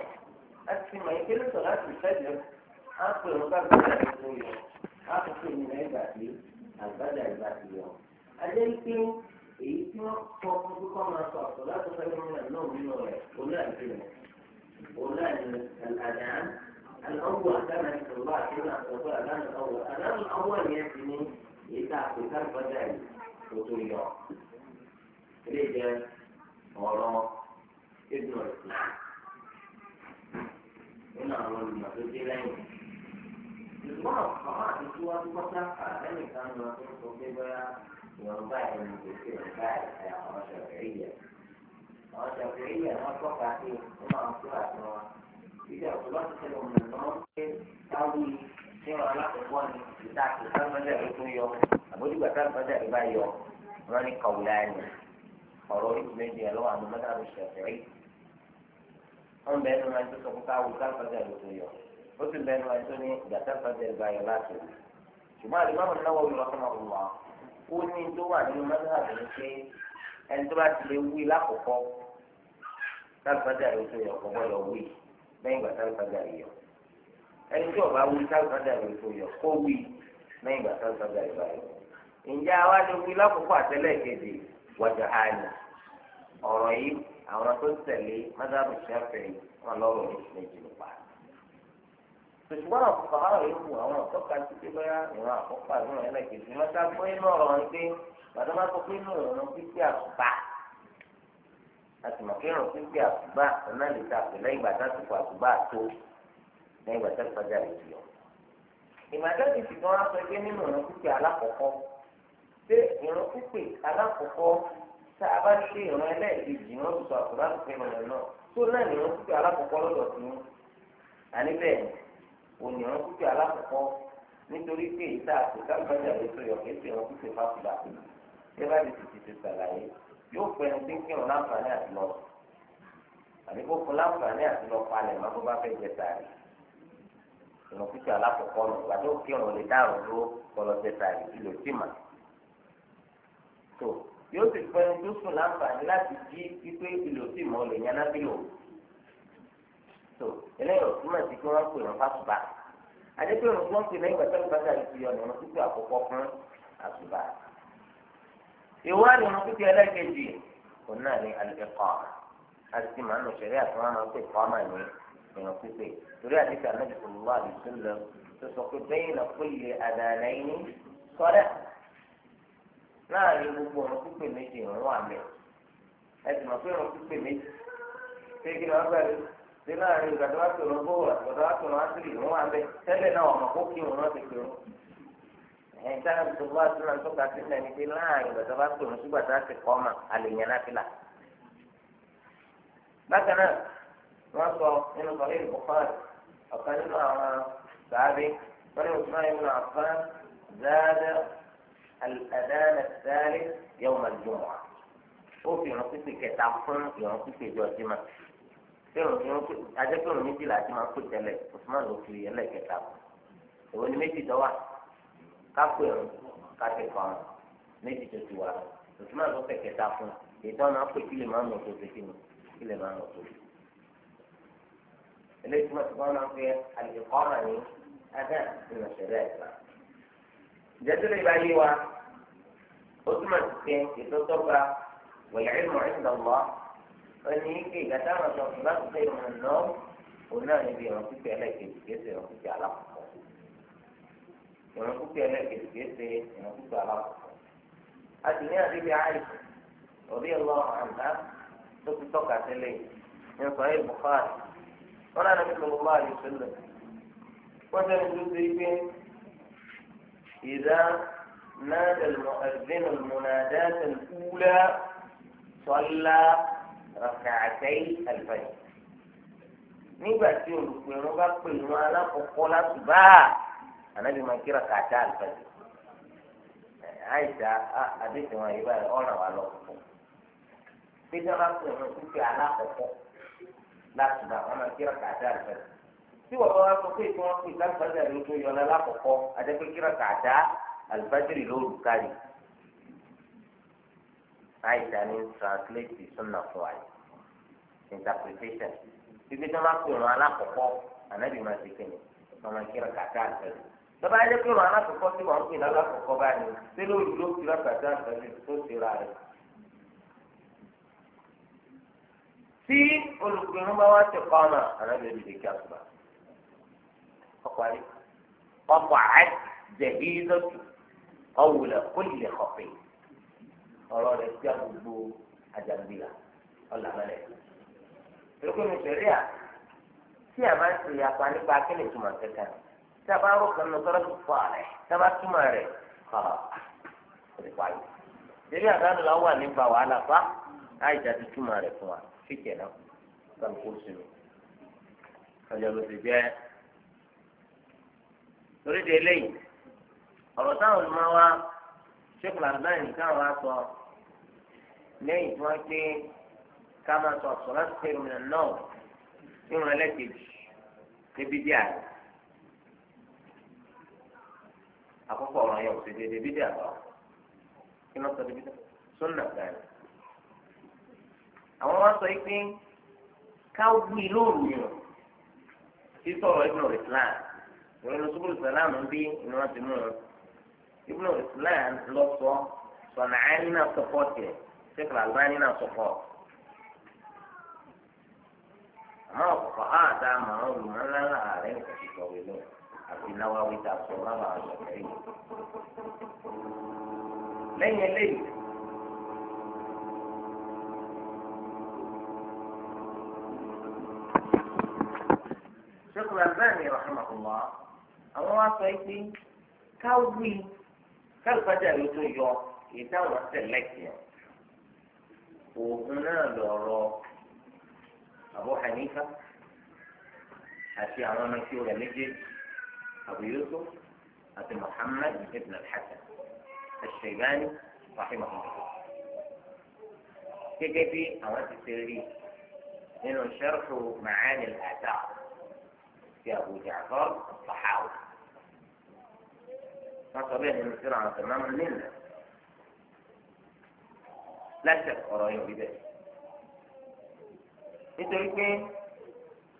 أكفي ما يكون صلاة الفجر أكفي المدرسة كل يوم أكفي من أي باقي البدع الباقي يوم الليل كيو يجي يقوم على صوت الصلاة خير من النوم من وراء قلنا الكلمة قلنا الأذان الأول كما يقول الله كما يقول الأذان الأول الأذان الأول يأتي من يتعطي كالفجر وطريقه ilé jẹ ọ̀rọ̀ ibnu islam nínú àwọn olùmọ̀ lẹ́yìn ṣùgbọ́n àwọn àtúntò wa tó kọ́ta àtẹ́yìn kan lọ tó ń sọ pé ìwọ̀n báyìí ni kò sí ìwọ̀n báyìí àwọn ṣàfihàn yẹ àwọn ṣàfihàn yẹ wọ́n tọ́ka sí wọ́n máa tó àtọ́ wa ìdí àwọn ọ̀dọ́ ti tẹ̀lé ọ̀nà náà pé táwí ní ọ̀rọ̀ alákọ̀ọ́kọ́ ni ìta àti sáńgbọ́dẹ̀ ló tún yọ àbójúgbà sáńgbọ́dẹ̀ ọ̀rọ̀ orí méjì ẹ̀ lọ́wọ́ àmì mẹ́ta lóṣù ẹ̀fẹ̀ rí. wọ́n bẹ̀rẹ̀ nínú ẹni tó sọ fún káwọ́ káfíńtà ló tó yọ ó sì bẹ̀rẹ̀ nínú ẹni tó ní gàtà fàdé ìbáyọ̀ láti rí. ṣùgbọ́n àdìmọ́mọ́ náwó olùrọ̀kọ́mọ́ wà ó ní tó wà nínú mẹ́ta lóṣù pé ẹni tó bá ti lè wí lákòókò káfíńtà ló tó yọ kò gbọ́dọ̀ wí lẹ́yìn gbàtà fàdé yọ ẹni tí ọba wí káfíńtà ló tó lẹ́yìn gbàtà wọ́jà àyè ọ̀rọ̀ yìí àwọn tó ń tẹ̀lé mọ́tàbù ṣẹ́fẹ̀ wọn lọ́rọ̀ ní méjì ló pa. ṣùgbọ́n àwọn kọ̀ọ̀rọ̀ yìí wù àwọn ọ̀tọ́ka sí pé bóyá ìran àkọ́kọ́ àbúrò ẹ̀ lẹ́kẹ̀ẹ́ sí mọ́tàbù inú ọ̀rọ̀ ni pé bàtà máa sọ pé inú ọ̀rọ̀ pípé àtùbà àti mọ̀kẹ́rùn pípé àtùbà náà lè ta àpè lẹ́yìn bàtà tó àtùbà tó lẹ́yìn bàtà tó fàjà lè jù lọ pé ìran pípé alákọ̀ọ́kọ́ tá a bá ṣe ìran ẹlẹ́ẹ̀kejì ìran tuntun àkùrá tó fẹ́ràn rẹ̀ náà tó náà ní ìran pípé alákọ̀ọ́kọ́ lọ́dọ̀ tó ń àní bẹ́ẹ̀ ò ní ìran pípé alákọ̀ọ́kọ́ nítorí pé ìta àtúntà gbọ́dọ̀ lè tó yọ̀ kéṣe ìran pípé fáfúlà ẹ bá ti tètè ti sàlàyé yóò pẹ́ ní pínpín láǹfààní àti lọ àní kó fún láǹfààní àti lọ palẹ̀ má tó bá fẹ́ jẹ sàárì ìran pípé alákọ̀ọ́kọ́ nù gbàdó kírun lè dáhùn dúró kọlọ jẹ sàárì tó yóò sì pẹ́ ní tó sùn láǹfààní láti jí pípé ìlòsì mọ́ lè yan lábílò tó eléyìí òtúmọ̀ sí kí wọ́n pè ní fásùbà adékòrò ní wọ́n pè lẹ́yìn pàtàkì pàtàkì ti yọ ọ̀nà pípé àkọ́kọ́ fún àsùbà ìwádìí ọ̀nà pípé ẹlẹ́ẹ̀kejì òun náà ní alẹ́kọ̀ọ́ àti màá nù àti wọn máa ń pè fọ́ọ̀mà ní èèyàn pípé torí àdékà náà ti sọ̀rọ̀ wá àdìsílẹ̀ tó sọ pé bẹ́yìn náà kó lè àdáadáa yín sọ́dẹ̀ láàrin gbogbo ọ̀rọ̀ pípé méjì ọ̀rọ̀ wà mẹ́ mọ̀ pé ọ̀rọ̀ pípé méjì ṣé kí ló ń bẹ̀rẹ̀ ṣé láàrin ìgbàdo wá tòrọ bó ìgbàdo wá tòrọ ásírì ọ̀rọ̀ wà mẹ́ tẹ́lẹ̀ náà kó kí òun náà ti pè ẹ̀yìn a tó bá tó náà tó ka sí náà ni pé láàrin ìgbàdo wá sígbà tá a ti kọ́ ọmọ àlè yẹn láti là. bákan náà wọ́n sọ nínú الأذان الثالث يوم الجمعة وفي نصف كتاب في نصف جوجمة adékòrò méjì la ti máa kó tẹ́lẹ̀ Usman ló fi ẹlẹ́kẹta kù èwo ni méjì dọwà kápò ẹrù kátẹkọ ọrùn méjì tó ti wà Usman ló fẹkẹta fún ìtàn náà pé kí lè máa mọ tó ṣe kí ni kí lè máa mọ tó ṣe. eléyìí tí wọn ti gbọ́n náà pé àlèkọ́ ọ̀ràn ní adá ìrìnàṣẹ́lẹ̀ ẹ̀ka. jẹ́tẹ̀lẹ̀ bá yé wa ó túmọ̀ sí pé ìtọ́tọ́gba wẹ̀yẹ̀rì mọ̀ ẹ̀ lọ́wọ́ ẹni ike ìgbàdá àwọn ọ̀sán ìgbà tó tẹ̀ ìrìn àná òun náà níbi ìrìn pípẹ́ ẹlẹ́kejì a sì ní àdébí àyè إذا نادى المؤذن المناداة الأولى صلى ركعتي الفجر نبتي ونقول نقول ما أنا أقول أصبع أنا بما كي ركعتا الفجر عائشة أديت آه، ما يبقى الأولى والأخرى بيجرى أصبع ونقول في علاقة لا أصبع أنا كي ركعتا الفجر tí wọ́n bá wá sọ pé kí wọ́n pè lálùbáṣà ló tó yọ lọ́la kọ̀kọ́ àdẹ́pẹ́ kíra kàdá àlùbáṣìrì lóru kárì. àìsàn ni translate the sunna for i interpretation bíbí tó máa pè wọn alákọ̀ọ́kọ́ ànábì máa ti kéde wọ́n máa kíra kàdá àlùbáṣìrì. tọ́ba ẹjẹ́ pé wọn alákọ̀ọ́kọ́ tí wọ́n pè lọ́la kọ̀ọ́kọ́ báyìí pé lóru ló kíra kàdá àlùbáṣìrì tó ti ra rẹ̀. tí olùpinnu bá wá ti kọ́ ọ̀nà ànábì ọparí ọkọ àti jẹbi lọtù ọwùlẹ kólìlẹ kọfí ọ̀rọ̀ rẹ̀ tí a gbogbo àjàgbìlà ọlàmọlẹ ìrúkún mi sẹrí à tí a bá ń ṣe apá nípa kíni ìtumọ̀ kẹta tí a bá rò kan lọ sọ́dọ̀ tó fọ́ rẹ̀ tí a bá túmọ̀ rẹ̀ kọ́ra ó ti parí sẹrí àdánù la wà nípa wàhálà fa àìjà ti túmọ̀ rẹ̀ fún wa fíkẹ̀ náà kàlùkù sí mi ọjọ́ ló ti jẹ́ torí de eléyìí ọ̀rọ̀ táwọn olùmọ̀ wa sheikh lambani táwọn wa sọ lẹ́yìn tí wọ́n gbé ká máa sọ ọ̀sọ̀ láti ṣe ìrìnà náà nínú ẹlẹ́kejì níbi díà rẹ̀ àkọ́kọ́ ọ̀rọ̀ yẹn ò sì dédé bídí àbá kí ló sọ débi tó súnà gàrí. àwọn wá sọ pé ká wí lóru yẹn sísọ̀rọ̀ ìbùnà rẹ̀ fúláàsì. ìwé ló sùkúrù sàlámù bí ni wọ́n ti mú un ibùdó islam lọ sọ sọ̀nàání náà sọpọ́ọ̀tì ẹ̀ sẹ́kùlà albani náà sọpọ́ọ̀tì. àmọ́ ọ̀pọ̀ àdá màá olùmọ̀ ńlá ńlá ààrẹ nǹkan ti sọ̀rọ̀ ilé àti náwó awíta sọ lábàá àṣọkẹ́ yìí. lẹ́yìn eléyìí. شيخ الألباني رحمه الله àwọn wá sọ pé káwí kálùfájà ló tó yọ èyí táwọn sẹlẹ̀kì ẹ̀ òògùn náà lọ̀rọ̀ àbọ Hanifa àti àwọn ọmọ tí ó rẹ̀ méjèèjì Abu Yusuf àti Muhammad ibn al-Hasan al-Shaybani rahimahullah gẹ́gẹ́ bí àwọn ti ṣe rí nínú sharhu ma'ani al ti àbújá Ja'far al-Tahawi. wọ́n sọ bẹ́ẹ̀ nínú síra àwọn tẹ̀mọ́ mi nílẹ̀ lẹ́sẹ̀ ọ̀rọ̀ yẹn rí bẹ́ẹ̀. nítorí pé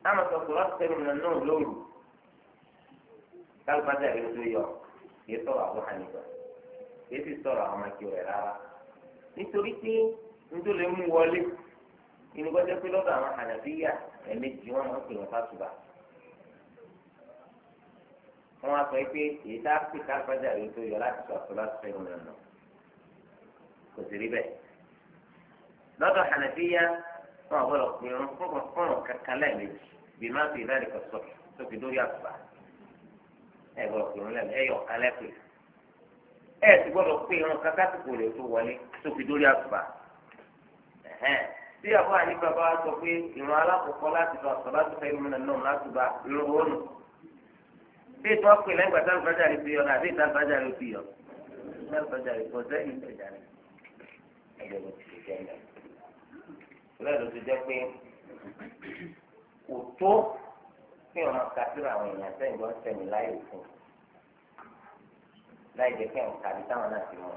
táwọn sọ pé wọ́n tẹ́lẹ̀ nínú náà lóru kálùbátà yóò tó yọ kì í sọ̀rọ̀ àwọn àníbà kì í sì sọ̀rọ̀ àwọn akẹ́wò rẹ̀ rárá. nítorí pé nítorí mú wọlé ìnugbọ́jọ́ pé lọ́dọ̀ àwọn ànàbíyà ẹ̀mejì wọn máa ń pè wọ́n fásùbà wọn á sọ pé èyí tá a fi káfájà yìí tó yọ láti sọ àtúrà sẹ́yìn lọ́nà kò sí rí bẹ́ẹ̀. lọ́dọ̀ hànàfíyá wọn àbọ̀lọ̀ pé irun fúnrọ̀ kankan lẹ́ẹ̀mejì bí má fi ìlànà kan sọ tó fi dórí àgbà ẹ gbọ́dọ̀ pé irun lẹ́ẹ̀mejì ẹ yọ ọ̀kan lẹ́pẹ́ ẹ ti gbọ́dọ̀ pé irun kankan tó kò lè tó wọlé tó fi dórí àgbà tí àbọ̀ àyíká bá sọ pé irun alákọ̀ọ́kọ́ láti sọ àtúrà sẹ́yìn lọ́nà láti gba irun ṣé ìtọ́ pè lẹ́gbàá tá alùpàjà rẹ̀ fi yọ àbí ìta alùpàjà rẹ̀ fi yọ ìta alùpàjà rẹ̀ kọ sẹ́yìn ìgbẹ̀jà rẹ̀ ẹgbẹ́ ló ti jẹ́ ẹ̀ lẹ́yìn ló ti jẹ́ pé kò tó kí ọmọ kásìrò àwọn èèyàn sẹ́yìn lọ sẹ́yìn láì òfin láì jẹ́ kí àwọn kàbí táwọn náà ti mọ̀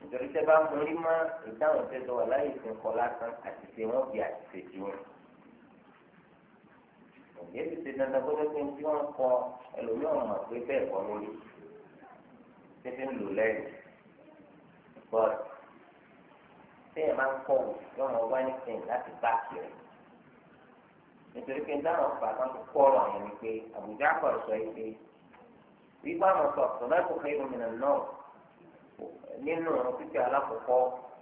nítorí bá mú rí mọ́ ìdáhùn tẹ́ lọ́wọ́ láì òfin lásán àti ṣe wọ́n bí àti ṣe yéé ti ṣe dandan kó lẹ́sìn tí wọ́n kọ ẹlòmíràn mọ̀ pé bẹ́ẹ̀ kọ́ lórí títí ń lò lẹ́yìn but téèyàn máa ń kọ́ wò lọ́nà ọgbà nìkan láti bá kiri nítorí pé dáhùn fàtà tó kọ́ ọ̀rọ̀ yẹn ni pé àbújá kọ̀ sọ yìí pé wíwá àwọn sọ sọláìkò kẹ́rù mìíràn náà nínú títí alákòókò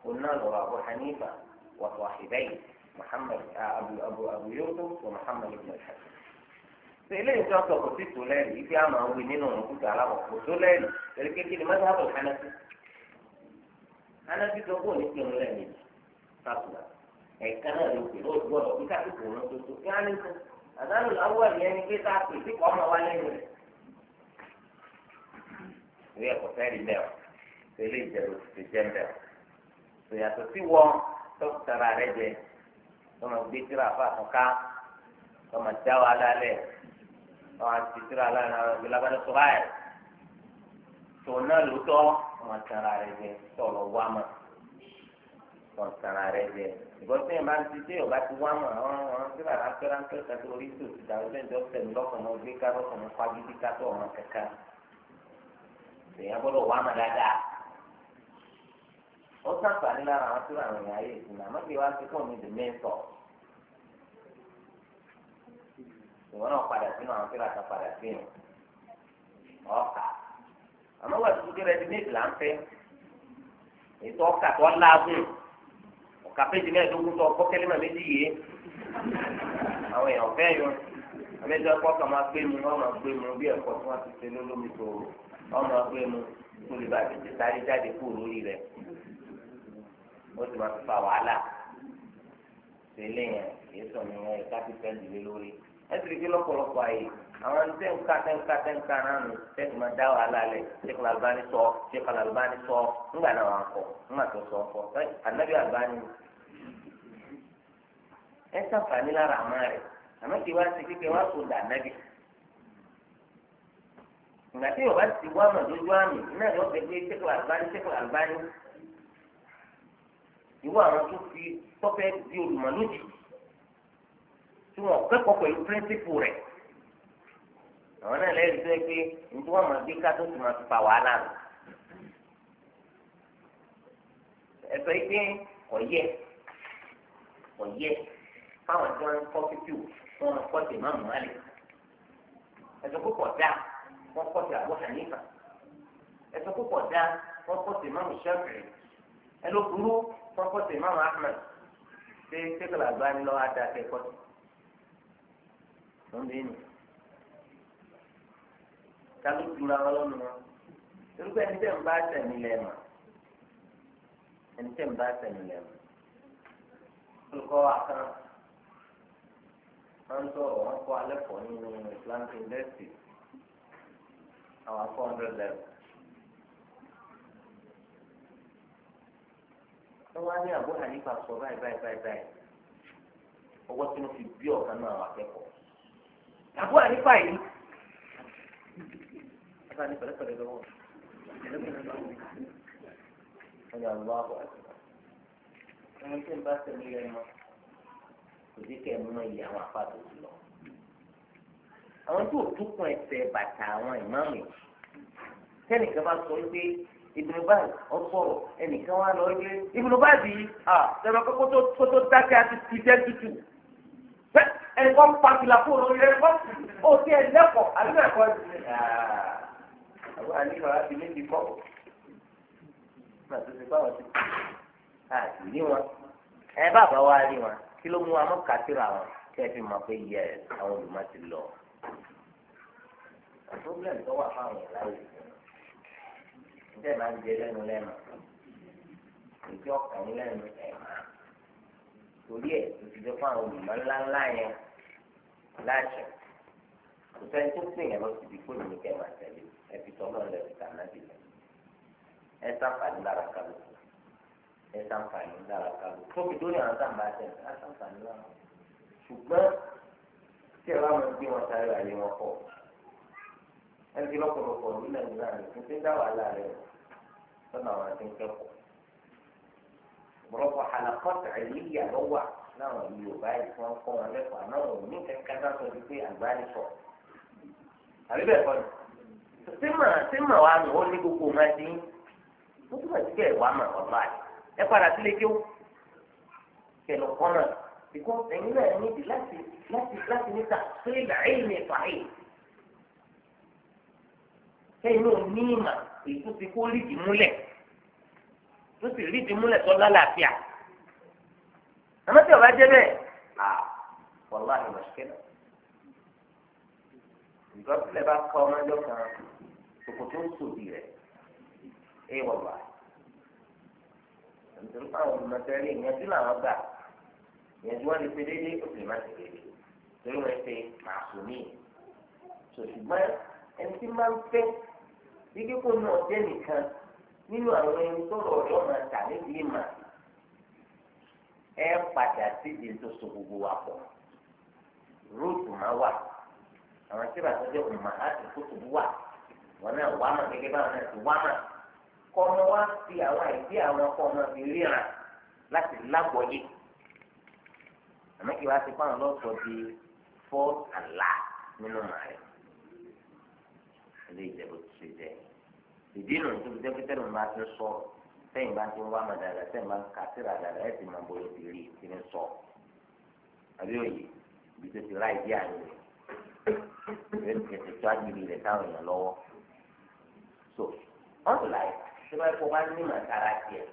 oná lọ́rọ̀ Abu Hanifa wàtò àṣìbẹ́yì Muhammad abu abu abu ibn al-Hasan ilé ìjọsọ kò sí tó lẹ́nu ibi àmọ́ àwọn wí nínú ọ̀rọ̀ kúta aláwọ̀ kò tó lẹ́nu pẹ̀lú kékeré mọ́tàbọ̀ hanafi hanafi tó kò ní pè ń lẹ́nu fásitì ẹ̀ka náà ló pè ó gbọ́dọ̀ kí káàkiri òun tó tó kí á ní sọ àdánù láwọ̀ yẹn ni pé tá a pè sí kọ́ ọmọ wa lẹ́nu rẹ̀ ìwé ẹ̀kọ́ fẹ́ rí bẹ́ẹ̀ tó ilé ìjẹ̀rù ti jẹ́ bẹ́ẹ̀ tó yàtọ̀ sí wọ dókítà rẹ̀ jẹ tó máa gbé tíra fáfọ́ká tó máa dá wa lálẹ́ àwọn àtìtìrà láàrin àwọn ìgbé lágbádá tó báyìí tòun náà ló tọ́ ọmọ tẹ̀ra rẹ̀ jẹ sọ̀rọ̀ wá mọ̀ ọmọ tẹ̀ra rẹ̀ jẹ ìbọn tí yẹn bá ń ti dé ọba ti wá mọ̀ ọ̀rọ̀ ọ̀rọ̀ tí bàbá pẹ́rẹ́ ń pẹ́rẹ́ kàtó orí tó ti dàrú lẹ́yìn tó tẹ̀ ní lọ́kàn náà gbé ká lọ́kàn náà fagídí ká tó ọ̀rọ̀ kẹ̀kẹ́ èèyàn wá mọ̀ dáadáa ó sàǹfààní lára àwọn tí wà ìwọ náà padà sínú àwọn kíra kan padà sí ìrìn ọkà àmọ́ wà tó kéré ti ní ìlà ń fẹ́ ètò ọkà tó lágùn ọkà péjì mẹ́ẹ̀ẹ́dógún tó ọkọ́ kẹ́lẹ́mà méjì yìí àwọn èèyàn fẹ́ yọ àmẹ́jọ ẹ̀kọ́ kan máa gbé mu wọ́n máa gbé mu bí ẹ̀kọ́ tí wọ́n ti ṣe lólómi tó wọ́n máa gbé mu kó lè bàtí ti sáré jáde kúrò lórí rẹ̀ ó sì máa fi fa wàhálà ṣe yẹn èyí sọ̀ ni wọ́n ti fẹ́ lè lórí ẹsìrì kí lọ́pọ̀lọpọ̀ àyè àwọn ẹni tẹ́ ń ká tẹ́ ń ká tẹ́ ń ká náà nù tẹ́sí máa dá wàhálà lẹ̀ ṣéèkì Albani sọ ṣéèkì Albani sọ ńgbà náà wọn kọ ńgbà tó sọ kọ ànábì Albani ẹ sàǹfààní lára àmọ́ rẹ̀ àmọ́ kí wá sí kíkẹ́ wá sọ̀dọ̀ ànábì ìgbà tí yorùbá ti wá mọ̀ lójú àmì náà ni wọ́n fẹ́ gbé ṣéèkì Albani ṣéèkì Albani ìwọ àwọn tó fi tọ́fẹ́ di olùmọ̀ tí wọn kẹ́kọ̀ọ́ pẹ̀lú píríncípù rẹ̀ àwọn náà lẹ́yìn tó yẹ pé nítorí wọn máa gbé kátó tó máa fi fa wàhálà nù ẹ̀sọ́ yìí pé ọ̀yẹ́ ọ̀yẹ́ fáwọn tí wọ́n ń kọ́ fífi wọn kọ́ sí máàmù Málíkì ẹ̀sọ́ púpọ̀ dá wọ́n kọ́ sí Abu Hanifa ẹ̀sọ́ púpọ̀ dá wọ́n kọ́ sí máàmù Shafi'i ẹlòkúrú wọ́n kọ́ sí máàmù Ahmad ṣé ṣé kọ́lá gbá ní lọ́wọ́ á dá kẹ́kọ̀ọ́ lọ́nà ẹni ta ló dúró àwọn lọ́nà wọn torí pé ẹni tẹ̀ ń bá tẹ̀mí lẹ́ẹ̀mà ẹni tẹ̀ ń bá tẹ̀mí lẹ́ẹ̀mà olùkọ́ wa kan wọ́n sọ̀rọ̀ wọ́n kọ́ alẹ́ pọ̀ nínú Islamic University àwọn four hundred level. wọ́n wá ní àbúrò àyíká sọ àbú ànífà yìí. Àbá ní pada lọ́wọ́. Hanya yà lọ́wọ́ àbọ̀ àti ọmọ tí ń bá tẹ̀lé yẹn mọ́ kò sí kẹ́ ẹ̀ mọ́ iye àwọn afá tó ti lọ. Àwọn tó dúkùn ini bàtà àwọn ìmáàmù yìí. Tẹ́nìkan bá sọ wípé Ibn Baz ọ̀sọ̀rọ̀ ẹnìkan wá lọ ilé Ibn Baz yìí. Sọ̀rọ̀ kókó tó ẹnìkan pàtìlà fóònù orí rẹ̀ kọ́ ó ti ẹ̀ lẹ́kọ̀ọ́ àdúrà ẹ̀kọ́ ah, àwọn àníwá ti ní ti kọ́ náà tó ti bá wọn ti àti ní wọn ẹ bàbá wa rí wọn kí ló mú amọ́ kàtìrà wọn kí ẹ fi mọ̀ pé yẹ àwọn olùmọ̀ ti lọ. problem tó wà fáwọn ìlà yìí ǹjẹ́ máa ń jẹ lẹ́nu lẹ́nu ìjọ ọkàn lẹ́nu ẹ̀ máa torí ẹ̀ tó ti jẹ́ fáwọn olùmọ̀ ńláńlá yẹn láṣẹ kò sẹ́ni tó pè yẹn lọ síbi kó lè ní kẹ́ máa tẹ̀lé ẹbí tọ́ náà lẹ́bi tà náà bì lẹ́yìn ẹ sàǹfààní lára kálù ẹ sàǹfààní lára kálù tóbi tó ní àwọn sàǹfà tẹ̀ ẹ sàǹfààní lára ṣùgbọ́n tí ẹ bá mọ gbé wọn sáré ayé wọn pọ̀ ẹ ti lọ́pọ̀lọpọ̀ nílẹ̀ nílẹ̀ rẹ̀ tó ti ń dá wàhálà rẹ̀ àwọn àti ń kẹ́kọ̀ọ́ ọ̀pọ̀lọpọ̀ àlàkọ́ náà ní yorùbá yìí tí wọ́n kọ́ wọn lẹ́kọ̀ọ́ náà ò ní kankan náà sọ ju pé àgbáyé sọ. àbí bẹ́ẹ̀ kọ́ ni símọ̀ símọ̀ wa nù ó ní gbogbo ọmọ ẹtì yín ó túbọ̀ sí bẹ́ẹ̀ wà mà ọ̀la yìí ẹ padà sílé kí ó kẹlẹ̀ ọ̀kọ́ náà bíkọ́ ẹ̀yin náà níbi láti láti láti níta pé làáyé mi fà yìí náà ní ìmà èyí kó rídìí múlẹ̀ tó sì rídìí múlẹ̀ tó lálàáfíà àmọ́ tí o bá dé bẹ́ẹ̀ à wàlá ìmọ̀ ṣe kéde. ìgbà pílẹ̀ bá kọ́ ọmọ ẹjọ́ kan kòkò tó ń sòbí rẹ̀ ẹ wàlá. nítorí àwọn olùmọ̀tẹ́rì ìyẹnjú làwọn gbà ìyẹnjú wọn lè ṣe déédéé ó sì má ṣe déédéé torí wọn ṣe màsùmí. ṣùgbọ́n ẹni tí máa ń fẹ́ bí kíkó náà jẹ́ nìkan nínú àwọn ẹni tó rọ̀ ọ̀dọ́ máa tà nídìí màá ẹ padà síbi tó so gbogbo wa pọ̀ róòtù máa wà àwọn tí bàtà jẹ́ òmà láti kótó wà wọn náà wà mà gẹ́gẹ́ báwọn náà ti wà mà kọ́ ọmọ wa fi àwọn àìdí àwọn ọkọ ọmọ fi ríran láti lágbọ̀ọ́yé àmọ́ kí wàá ti fáwọn lọ́sọ̀ọ́ di fọ́ọ̀tù àlá nínú màrẹ́ ilé ìjẹ́bù ti ṣe jẹ́ ìdí nù tó fi jẹ́ pé tẹ́lẹ̀ ń bá ti sọ̀rọ̀ sẹ́yìn bá ti ń wá màdàlà sẹ́yìn bá ń ka síra àdàlà ẹ̀ sì máa bọ̀ lóde rí ti ń sọ àbí òye ibi ti ráì bí àyè rẹ̀ ẹ̀ ti tó àgbèrè rẹ̀ táwọn èèyàn lọ́wọ́ so online tí wọ́n kó wá ní màdàlà tiẹ̀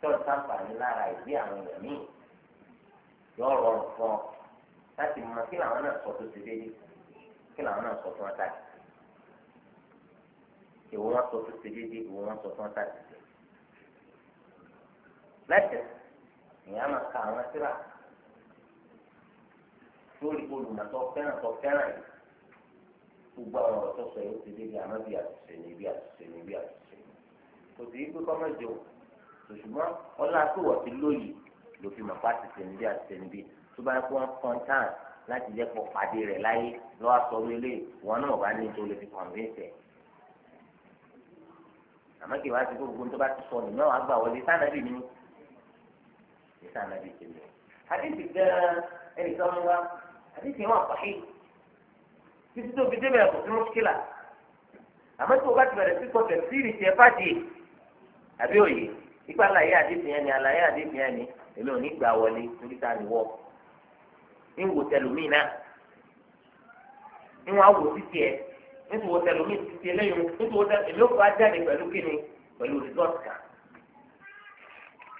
tó ń sàǹfààní lára ìdí àwọn èèyàn míì yọ rọrùn fún ọ láti mọ kí làwọn náà sọ tó ti dédé kí làwọn náà sọ fún ọ tàbí èwo sọ tó ti dédé èwo wọn sọ fún ọ tàbí lẹ́sẹ̀ ìyá máa ka àwọn síra lórí olùmọ̀tọ́ fẹ́ràn tó fẹ́ràn yìí gbogbo àwọn ọ̀rọ̀ tó sọ yóò ti débi àmọ́ bí àtúnṣe ní bí àtúnṣe ní bí àtúnṣe kò sí pé kọ́ mọ́ jò ṣùgbọ́n ọlá tó wọ̀ sí lóyè ló fi mọ̀ pa àtúnṣe ní bí àtúnṣe ní bí tó bá kó wọn kàn tán láti jẹ́ pọ̀ pàdé rẹ̀ láyé lọ́wọ́ sọ wílé wọn náà bá ní nítorí fi convince ẹ̀ àmọ́ kí wàá ti gbogbo tó bá ti sọ nìyẹn ìsá ànábì ti lò àdìsí gan ẹnì kan mú wa àdìsí wọn pàṣẹ títí tó fi débẹ̀ kò sí mọ́ṣíkìlà àmọ́ tó o bá ti bẹ̀rẹ̀ sí kọsẹ̀ sírì tiẹ̀ bàjẹ́ àbí òye ipa àlàyé àdìsí yẹn ni àlàyé àdìsí yẹn ni èmi ò ní gbà wọlé torí ta ni wọ́ ń wò tẹlómìn náà ń wọ́n á títí ẹ̀ ń tò wò títí ẹ̀ lẹ́yìn ń tò wò pẹ̀lú kíni pẹ̀lú rìsọ́ọ̀tì kan.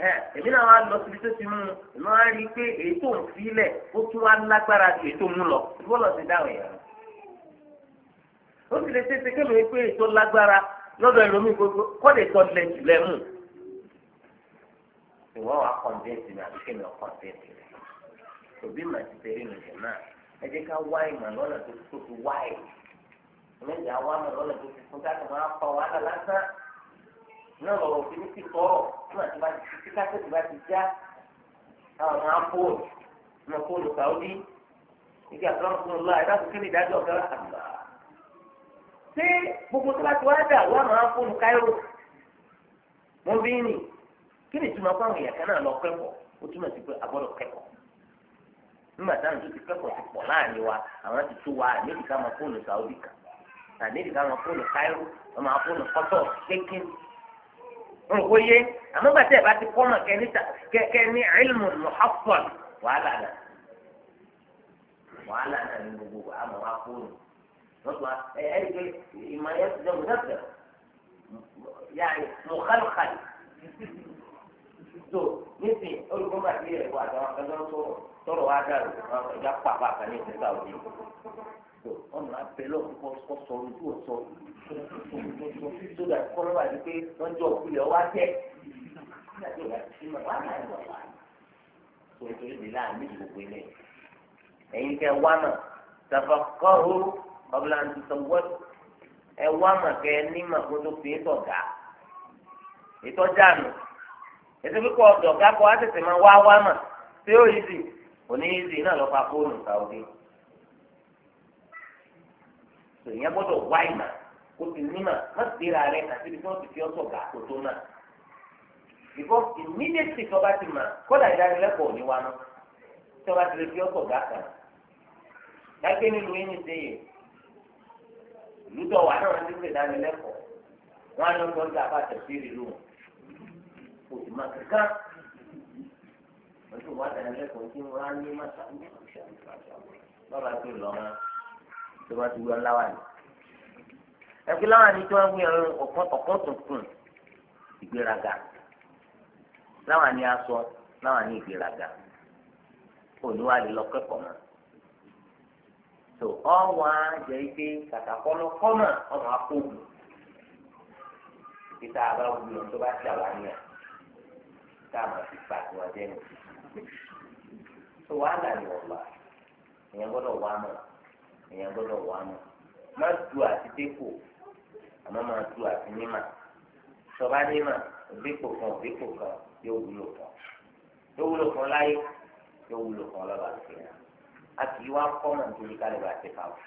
èmi náà wá lọ síbi tó ti mú un ìmọ̀ á rí i pé èyí tó ń filẹ̀ ó tún wá lágbára ju èyí tó mú lọ ìbọn lọ sí yẹn. ó sì lè tètè kéwòn pé èyí tó lágbára lọ́dọ̀ gbogbo jù ìwọ wa rẹ̀ òbí mà ti tẹ̀lé náà ẹ jẹ́ ká wá ìmọ̀ lọ́nà tó wá náà lọ́rọ̀ fi ní sísọ̀rọ̀ náà ti bá ti ti bá ti já àwọn apóòlù àwọn apóòlù sàódì ìgbà tó ń fún un lọ àìdáàbò kí ni ìdájọ́ ọ̀gá àgbà. ṣé gbogbo tó bá ti wá dà wọ́n àwọn bí kí ni ìtumọ̀ náà lọ kẹ́kọ̀ọ́ ó túmọ̀ sí pé kẹ́kọ̀ọ́ nígbà táwọn ti kẹ́kọ̀ọ́ ti pọ̀ láàrin wa àwọn ti wa ká ويه اما بقى بعد القوم كانت كان علم محصل وعلى انا وعلى انا النبوه اما ما اقول نطلع اي ايه ما يبدا مذكر يعني مخلخل دو نسي اقول لكم بقى كبير واحد انا قلت له طلعوا عجل جفع بقى نسي ọ̀nà abẹ́lọ̀ kọ́ sọ ojú ọ̀sọ́ sódà kọ́lọ́ wà ní pé wọ́n jọ òkúlẹ̀ ọwá tẹ́ nítorí ìdílé àmì gbogbo ilé ẹ̀yin kẹ́ wá mà tàbá kọ́rù ọ̀bùlà ń tuntun wọ́ọ̀tù ẹ wá mà kẹ́ ní mà kó tó fi ètò ọ̀gá ètò ọjà nù ètò kíkọ́ ọ̀dọ̀ kákọ́ á tètè máa wá wá mà tí ó yí sí òní yí sí náà lọ́ọ́ pa fóònù kàwé èèyàn gbọ́dọ̀ wá ìmọ̀ kó ti nímọ̀ má gbéra rẹ àti ibi tí wọ́n ti fi ọ́sọ̀ gà kó tó náà because immediately tó bá ti mọ̀ kódà ìdánilẹ́kọ̀ọ́ ní wa náà tó bá ti lè fi ọ́sọ̀ gà kàn dáké nílùú yín ní sèyí lùdọ̀ wà náà ti ń pè dánilẹ́kọ̀ọ́ wọn á lọ sọ ọjà bá tẹ̀síìrì lù kò sì má kankan wọ́n ti wá dánilẹ́kọ̀ọ́ tí wọ́n á ní má sàmì bàbá tó lọ́ọ́ tó bá ti wúlọ láwà ní. ẹgbẹ́ láwà ní tí wọ́n wí ẹ̀rọ ọ̀kan tuntun ìgbéraga láwà ní aṣọ láwà ní ìgbéraga olúwa lè lọ kẹ́kọ̀ọ́ mọ́. tó ọ̀wá jẹ́ pé kàtàkọ́lọ́ kọ́mọ̀ ọ̀nà àpòògùn títà àbá wúlọ tó bá ti àwárí ẹ̀ tá a máa fi pa àtiwájẹ́ nù. tó wàhálà ni wọ́n wà ìyẹn gbọ́dọ̀ wà mọ́ èèyàn gbọ́dọ̀ wà mọ́ má du àti dépò àmọ́ máa du àti nímà sọba nímà òdépò kan òdépò kan yóò wúlò kan yóò wúlò kan láyé yóò wúlò kan lọ́ba àti ìyá a kì í wá kọ́mà nítorí kálíbà àti kàwé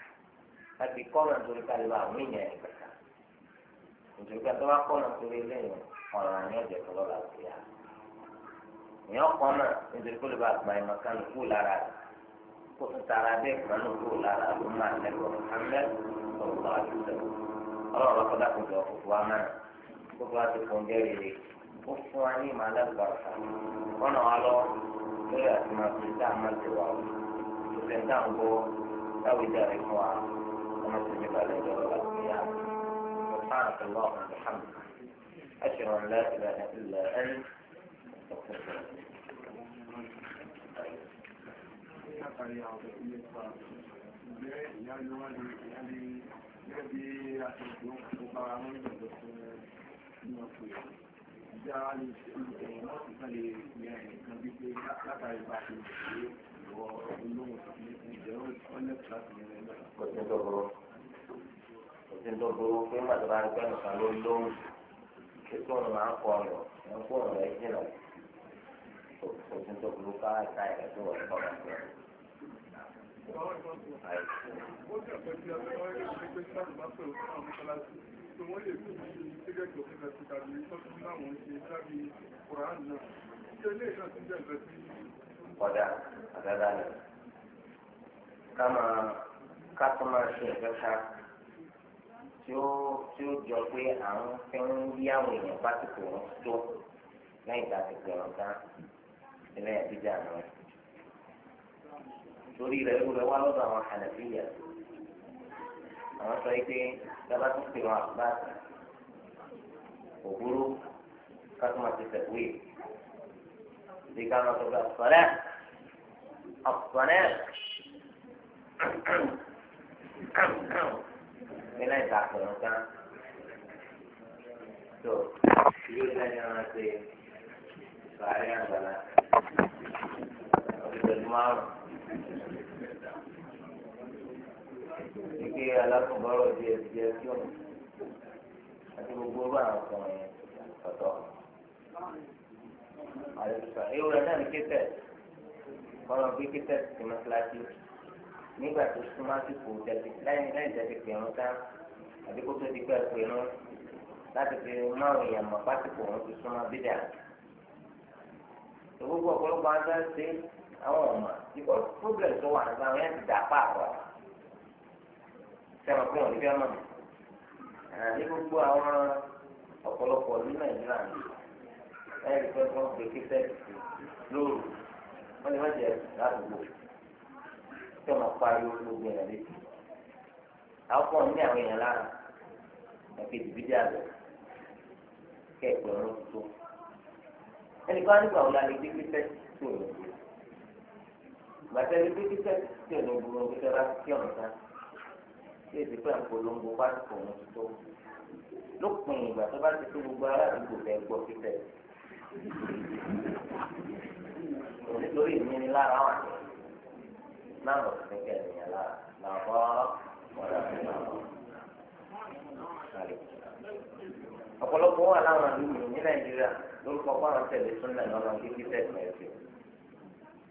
a kì í kọ́mà nítorí kálíbà àwọn èèyàn ẹ̀ kẹta nítorí pé àtọ́wá kọ́mà nítorí lẹ́yìn ọ̀ràn àyàn jẹ̀ tó àti ìyá èèyàn kọ́mà nítorí kó àgbà ìmọ̀ kan kú lára rẹ̀. وتعالى بك ونقول على أمة النبي محمد صلى الله عليه وسلم ọlọ́run ọkọ̀ dákun jọ fòfò wa mẹ́rin gbogbo àti fòun jẹ́rìí rè ó fún wa ní ìmọ̀lẹ́ gbàgbà ọ̀nà wa lọ lórí àti máa fi dá àmà ti wà ó ìfẹ́ dá ń bọ́ láwùí dàrí fún wa ọmọ tó ní balẹ̀ ìjọba láti yá ọ̀sán àti lọ́ọ̀kan mùhàmmad أشهد لا إله إلا أنت أستغفرك látàrí àwọn ọ̀dọ̀ ilé pa ìgbẹ́ ìyáni wá ní ìyáni gẹ́gẹ́ bí àtẹ̀kùn tó bára wọn ní ọ̀dọ̀ fún ní ọ̀pọ̀ ìjà ní ìṣẹ̀lẹ̀ wọn ti sáré ìyá ẹ̀kan bí pé látàrí bá ti ṣe ìwọ olóhùn ìjẹ́ ọ̀lẹ́pù láti ní ẹgbẹ́. ọ̀sẹ̀ tó burú ọ̀sẹ̀ tó burú pé màdùbá ń gbẹ́ nǹkan ló lóhùn kí kóòrùn máa ń kọ ọ̀rọ̀ ẹ̀ ń kóòrùn ẹ̀ jìnnà òfin tó burú ká ta ẹ̀ tó wọ̀ lọ́wọ́ rẹ̀. Wọ́n lè fún mi ní ṣẹ́gẹ́ tó fẹ́ ti tàbí tọ́tún láwọn ṣe sábì Kùránì náà. Ṣé ilé ìṣàn ti jẹ́ ìgbẹ́ sí? Ọ̀dà, àdáadáa ni. Ká máa ká tó máa ṣe ẹ̀fẹ́ ká tí ó tí ó jọ pé àwọn fẹ́ ń yí àwọn èèyàn bá ti pè wọ́n tó lẹ́yìn tá a ti pè wọ́n tán. ilé ẹ̀dídà náà torí rẹ̀ irú rẹ̀ wá lọ́dọ̀ àwọn àlàfíà àwọn sọ pé dábàá tó pè wọn àgbà òbúrú kátó máa ti sẹ̀kúwé bí ká máa tọ́jú àfọ̀rẹ́ àfọ̀rẹ́ ilé ìdàpọ̀ nǹkan tó yóò lẹ́yìn ọ̀rọ̀ ṣe sàárẹ̀ àgbàlá. pẹ̀lú márùn. Ike alákùnbọ̀rọ̀ di ẹsẹ̀ ẹsẹ̀ òun àti gbogbo bá àwọn kan yẹn tọ̀tọ̀. Àlùfà ewu rẹ̀ náà ní kétẹ̀ kọ́nà bí kétẹ̀ ti mọ kíláàsì nígbà tó súnmọ́ àsìkò tẹ̀sí lẹ́yìn lẹ́yìn tẹ̀sí pẹ̀rún tán àbí kó tó di pẹ́ pẹ̀rún láti fi márùn ìyàmọ̀ pásìkò wọn ti súnmọ́ bídà. Ìgbógbó ọ̀pọ̀lọpọ̀ adá ṣe àwọn ọmọ ìkọ́ problem tó wà nípa àwọn yẹn ti dà pa àwọn ọmọ fún wọn ọmọ mi ní gbogbo àwọn ọ̀pọ̀lọpọ̀ ní nàìjíríà ní ẹ̀rí pé wọ́n pe kíkẹ́ lóru wọ́n lè má jẹ ládùúgbò tí wọ́n pariwo gbogbo ẹ̀rọ létí àwọn ní àwọn èèyàn lára ẹ̀kẹ́ kẹ́ ẹnì gbàtẹ́lẹ́ pé kíkẹ́ tí ò ní gbogbo kíkẹ́ bá kí ọ̀nà tán tí èsì pé àpolongo bá ti kọ̀ wọ́n tó lópin ìgbà tó bá ti tó gbogbo aládùúgbò bẹ́ẹ̀ gbọ́ kíkẹ́ nítorí ìmíní lára wà náà lọ sí kíkẹ́ ènìyàn lára làbọ́ ọ̀dà tó náà lọ. ọ̀pọ̀lọpọ̀ wà láwọn àdúgbò ní nàìjíríà lórúkọ fáwọn tẹ̀lé súnlẹ̀ kíkí tẹ̀sán ẹ̀sìn.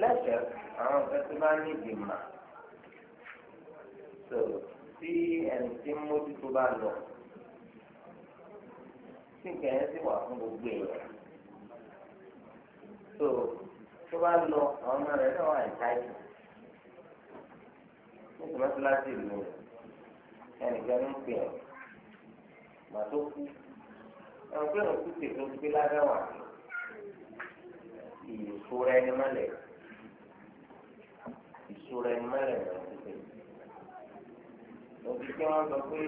lẹ́sẹ̀ àwọn ọ̀fẹ́ tó bá ní ìgbìmọ̀ tó tí ẹni tí ń mójútó bá lọ tí nǹkan sì wà fún gbogbo èèyàn tó tó bá lọ àwọn ọmọ rẹ̀ náà wà ní táyì nítorí mọ́tíláṣí ìlú ẹnìkan ń pè ọ́ ìgbà tó kú ẹ̀rọ pé òkú tètè ó gbé ládàwà ní ìṣòro ẹni mọ́lẹ̀ ìṣòro ẹni mọ́lẹ̀ ló ti pè é òbí kí wọ́n sọ pé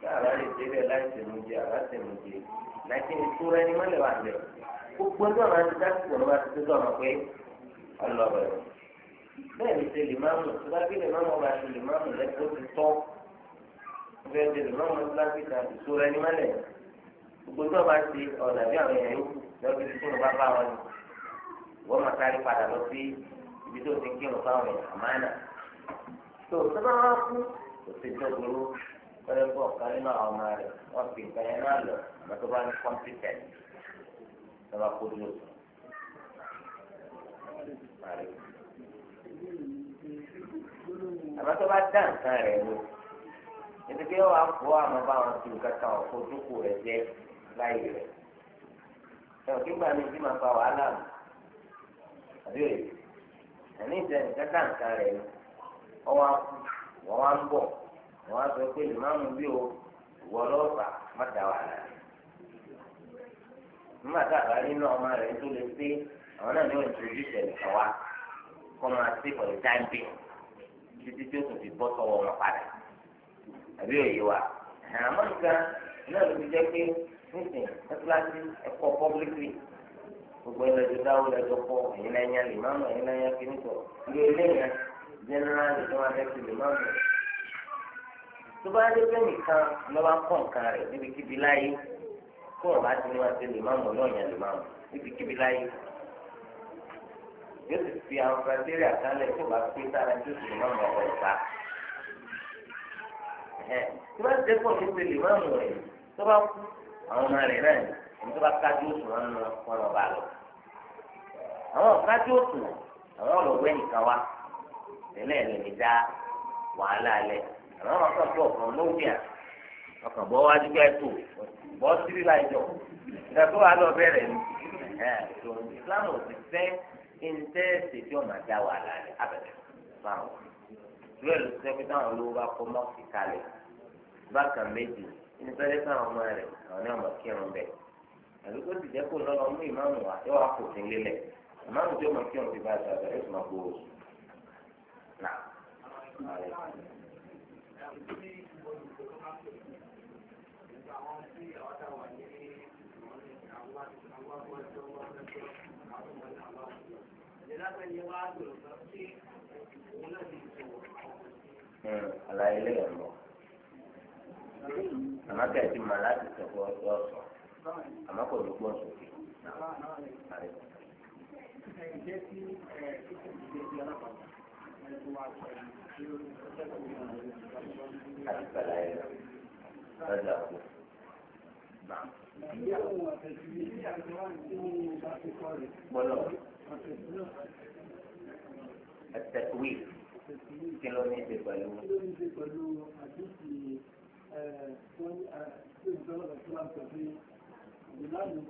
káàrà lè débẹ̀ láì tẹ̀mùjẹ àrà tẹ̀mùjẹ láti ìṣòro ẹni mọ́lẹ̀ wà lẹ̀ gbogbo ẹgbẹ́ ọ̀nà àti dásìkò ló bá ti tó pé ọlọ́rọ̀ bẹ́ẹ̀ ni ṣe máa mú tó bá gbé lè máa mú ọba ṣe lè máa mú lẹ́kọ̀ọ́ ti tọ́ bẹ́ẹ̀ bẹ́ẹ̀ lọ́wọ́ mọ́tíláṣí ta ìṣòro ẹni mọ́lẹ̀ gbogbo tó bá ti ọ̀nà bí àwọn èèyàn yìí lọ́dún tí kúrò bá bá wọn ni wọ́n máa sáré padà lọ sí ibi tó ti ń kírun fáwọn èèyàn àmánà tó sábà wá kú kò sí tó burú pẹ̀lú pọ̀ kan nínú àwọn ọmọ rẹ̀ wọ́n fi nǹkan yẹn náà lọ àmọ́ tó bá ní kọ́mpútẹ̀ lọ́ba kó dúró àmọ́ tó bá dá nǹkan rẹ̀ lọ. ètò pé wọn á kó àmọ́ bá wọn ti ọkọ ojúkù rẹ jẹ láyé rẹ ẹ ò kí gbà mí tí màá fa wàhálà mi àbí rẹ ẹni ìjẹ nǹkan nǹkan rẹ ni ọwọ́ wọn wá wọn sọ pé ìmáàmù bí o lọ́ọ̀fà má wàhálà a nínú ọmọ rẹ tó lè àwọn náà ní wọn ti àbí òye wa àmọ́ nǹkan náà ló fi jẹ́ pé nísìnyí mọ́tíláṣí ẹ̀kọ́ pọ́blíkì gbogbo ẹ̀ dáwọ́ lọ́jọ́ pọ̀ ẹ̀yin náà yẹn lìmọ́ọ̀mù ẹ̀yin náà yẹn kìíní sọ̀rọ̀ ilé ilé yẹn jẹ́nẹ́rálì tó máa dẹ́kun tó bá dé pé nìkan lọ́ba kọ́ nǹkan rẹ̀ níbikíbi láyé kó o bá ti ní ṣe ẹ̀ tí wọ́n ti dé pọ̀ nípa ìlú máa mú ẹ̀ tó bá kú àwọn ọmọ rẹ̀ náà ní tó bá kájú òsùn wọn nù wọn lọ bá lọ. àwọn kájú òsùn àwọn ọlọ́wẹ́ nìkan wá tẹ́lẹ̀ lè ní dá wàhálà alẹ́ àwọn ọmọ kan bọ̀ kan à ọkàn bọ́ wájú bá tó bọ́ sírí láìjọ ìgbà tó wà lọ bẹ̀rẹ̀ ni Islam ò ti fẹ́ ẹ̀ńtẹ́ ṣèjọ́ máa dá wàhálà alẹ́ abẹ́rẹ́ fáwọn. ìlú ẹ̀ ló ti sẹ́kítà àwọn olówó bá kọ́ mọ́ọ̀kì kalẹ̀ bákan méjì ní sọ́jẹ́ káwọn ọmọ rẹ̀ àwọn náà mọ̀ kírun bẹ̀ àbí kó sì jẹ́ kó lọ́lọ́ mú ìmáàmù wa yóò wá kò sí lélẹ̀ ìmáàmù tí ó mọ̀ kírun ti bá aṣọ àgbà yóò sì máa gbowó sùn. nà àlàyé lọ àmọ́ kẹ́ ẹ̀ ti mọ̀ láti sọ̀kọ́ ọ̀sọ̀ ọ̀sọ̀ àmọ́ kò ní pọ̀ sókè. Àti sàlá yẹn lọ, lọ́jà kú. Bọ́lọ̀. Ẹ̀tẹ̀wé. Kí ló ní ṣe pẹ̀lú? Kí ló ní ṣe pẹ̀lú àdúgbò? wọ́n ní ṣé máa ń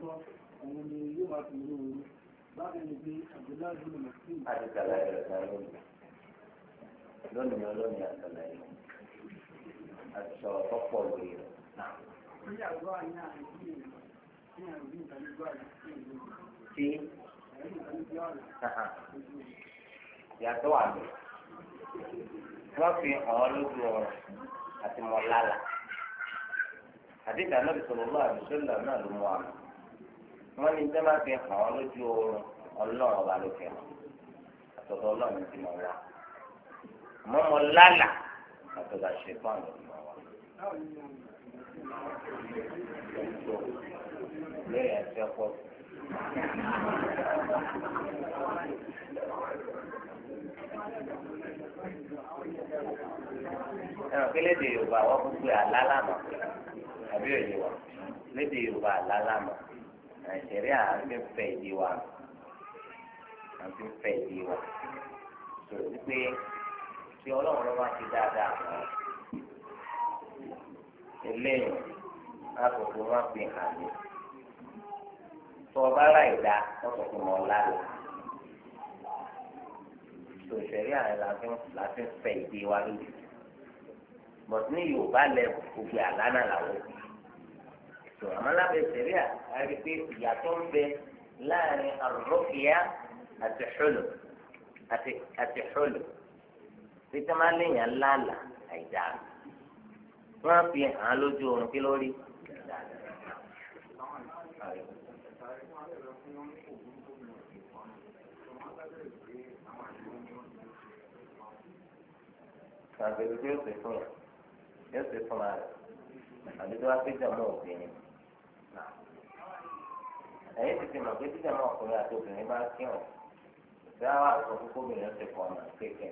sọ pé ni yóò máa ìlú òru bákan ní pé kan lónìí lónìí olónìí àtàlàyé àti sọ̀rọ̀ pọ̀ lórí rẹ̀. Ní àgọ́ àyìn àrùn yìí ní àrùn yìí tàbí gbọ́ àrùn yìí. Yàtọ̀ àmì. Wọ́n fi hàn án lójú ọ̀rọ̀ àti mọ̀lálà àdéhùn anábì sallallahu alaihi wasallam náà ló mú wa wọn ní sẹ́mà fi hàn ọ́ lójú oorun ọlọ́run ọba ló fi hàn àtọ̀dọ̀ ọlọ́run ti mọ̀ wá mọ̀mọ̀lálà àtọ̀dọ̀ àṣepọ̀ àwọn ọmọ wa. lórí ẹ̀sẹ̀ pọ̀ sí ẹnì pé léde yorùbá wọn kò pé àlá lànà àbí òye wa léde yorùbá àlá lànà nàìjíríà àti fẹ ìdí wa àti fẹ ìdí wa tó o pé tí ọlọ́run ló máa ti dáadáa mọ́ eléyìí àkókò máa fi hàn mí tó o bá láì dá wọ́n sọ fún ọ lálẹ́ tó ìṣẹ̀rí àrẹ láti ń fẹ ìdí wa lójú bọ̀t ní yorùbá lẹ òkè àlànà làwọn tó àmọ́ lábẹ́ ìṣẹ̀rí àrẹ pé ìyàtọ̀ ń bẹ láàrin àrùkìá àti xulù àti xulù títí máa léèyàn lálàá àìdáa wọ́n fi hàn án lójú oorun kí lórí àìdáa. àgbèrè tí yóò ṣe fún yà yóò ṣe fún na rẹ̀ àbí tí wọ́n á péjọ obìnrin ẹ̀yìn ti fi mọ̀ pé jíjẹ ọkùnrin àti obìnrin bá kí ọ̀ ṣé àwọn àgbọ̀ kókó obìnrin ṣe kọ́ ọmọ kéèké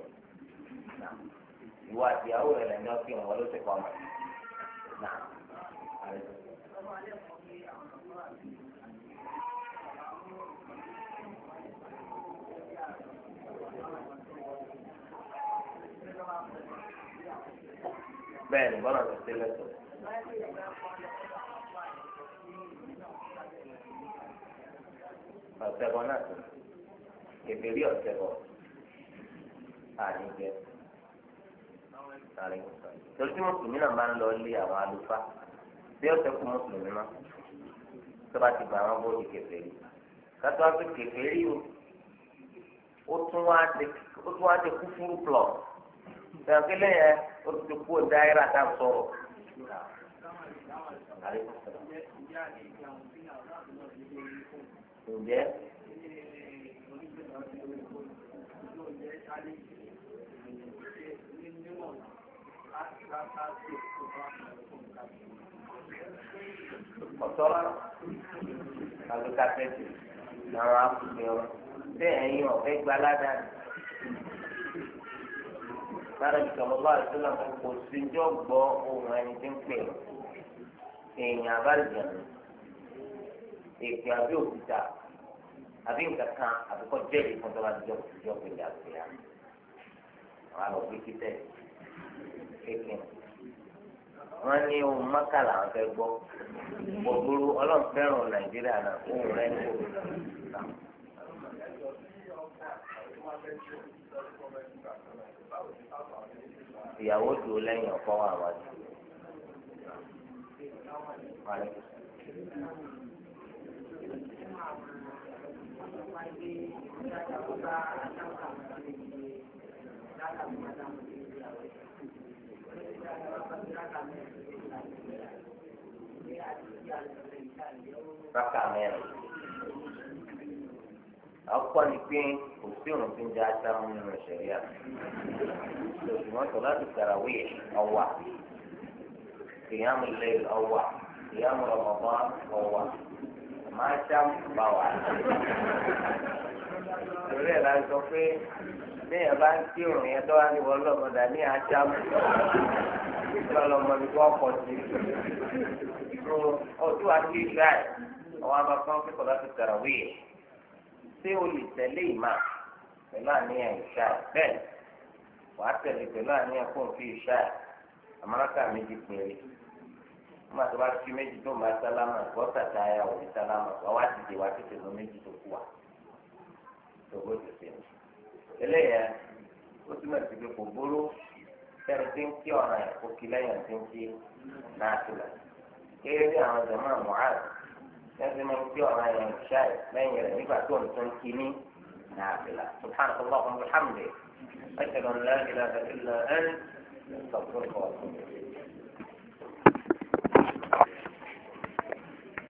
ìwọ àti ìyàwó rẹ̀ lẹ́yìn ọ̀kí wọn ló ṣe bẹ́ẹ̀ ni bọ́lá ti ṣe lẹ́sọ̀. ọ̀sẹ̀bọ̀ náà tó kẹfẹ́rí ọ̀sẹ̀bọ̀ àníjẹ torí tí mùsùlùmí náà máa ń lọ lé àwọn àlùfáà bí ọ̀sẹ̀ kú mùsùlùmí náà tó bá ti gba àwọn bóòdì kẹfẹ́rí kátó wá pé kẹfẹ́rí o ó tún wá dé kúfúrú plọ̀t tẹ̀kílẹ̀ yẹn o ti kú dáírà tá a sọ̀rọ̀. ǹjẹ́ ọ̀tọ́lá àbíkàtẹ́tì làwọn akùnrin ọ̀rọ̀ bẹ́ẹ̀ ẹ̀yin ọ̀fẹ́ gbaládàá. lára ìjọ ọlọ́wà ìṣúná kò sí jọ gbọ́ ohun ẹni tí ń pè èèyàn abájá èpè àbí òkúta àbí nǹkan kan jẹ́rìí fún jọ jọ pé ya wọn lọ bí kíkẹ́ wọn ní ohun mọ́kàlà àwọn fẹ́ gbọ́ gbogbo ọlọ́run nàìjíríà náà ohun rẹ̀ ìyàwó dùn lẹ́yìn ọkọ wà wá sí. Raka mẹ́rin akọ́ ni pé kò sí òun fi ń jẹ aṣáájú nínú ìṣẹ̀lẹ̀ àná ṣùgbọ́n tó láti tàràwé ọwà kìyàmù lẹ́yìn ọwà kìyàmù ọmọọmọ ọwà máa ṣáàmù bá wà. torí ẹ̀ la sọ pé bẹ́ẹ̀ bá ń kí òun yẹn tó wá ní wọ́n lọ́mọdà ní aṣáàmù lọ́lọ́mọdé kó ọkọ̀ sí i. ọ̀tún àti ìgbà ẹ̀ ọ̀wọ́n a máa fọ́n pé kò ṣé o lè tẹ̀lé ìmá pẹ̀lú àníyàn ìṣá bẹ́ẹ̀ wàá tẹ̀lé pẹ̀lú àníyàn kó n fi ìṣá àmọ́ráká méjì péré nígbà tó bá fi méjì tó ń bá sálámà gbọ́tà táyà òní sálámà wà wá ti wá tètè lọ méjì tó kù wá tó bó ti sè eléyà ó túmọ̀ sí pé kò bóró sẹ́ni tí ń kí ọ̀ràn ẹ̀kọ́ kí lẹ́yìn tí ń kí náà tó lọ. kéré àwọn jọ̀mọ́ àmọ́ àrùn. لازم من في أنا يعني شايف ما يرى يبقى تون تنكيني نافلة سبحانك اللهم وبحمدك أشهد أن لا إله إلا أنت استغفرك واتوب إليك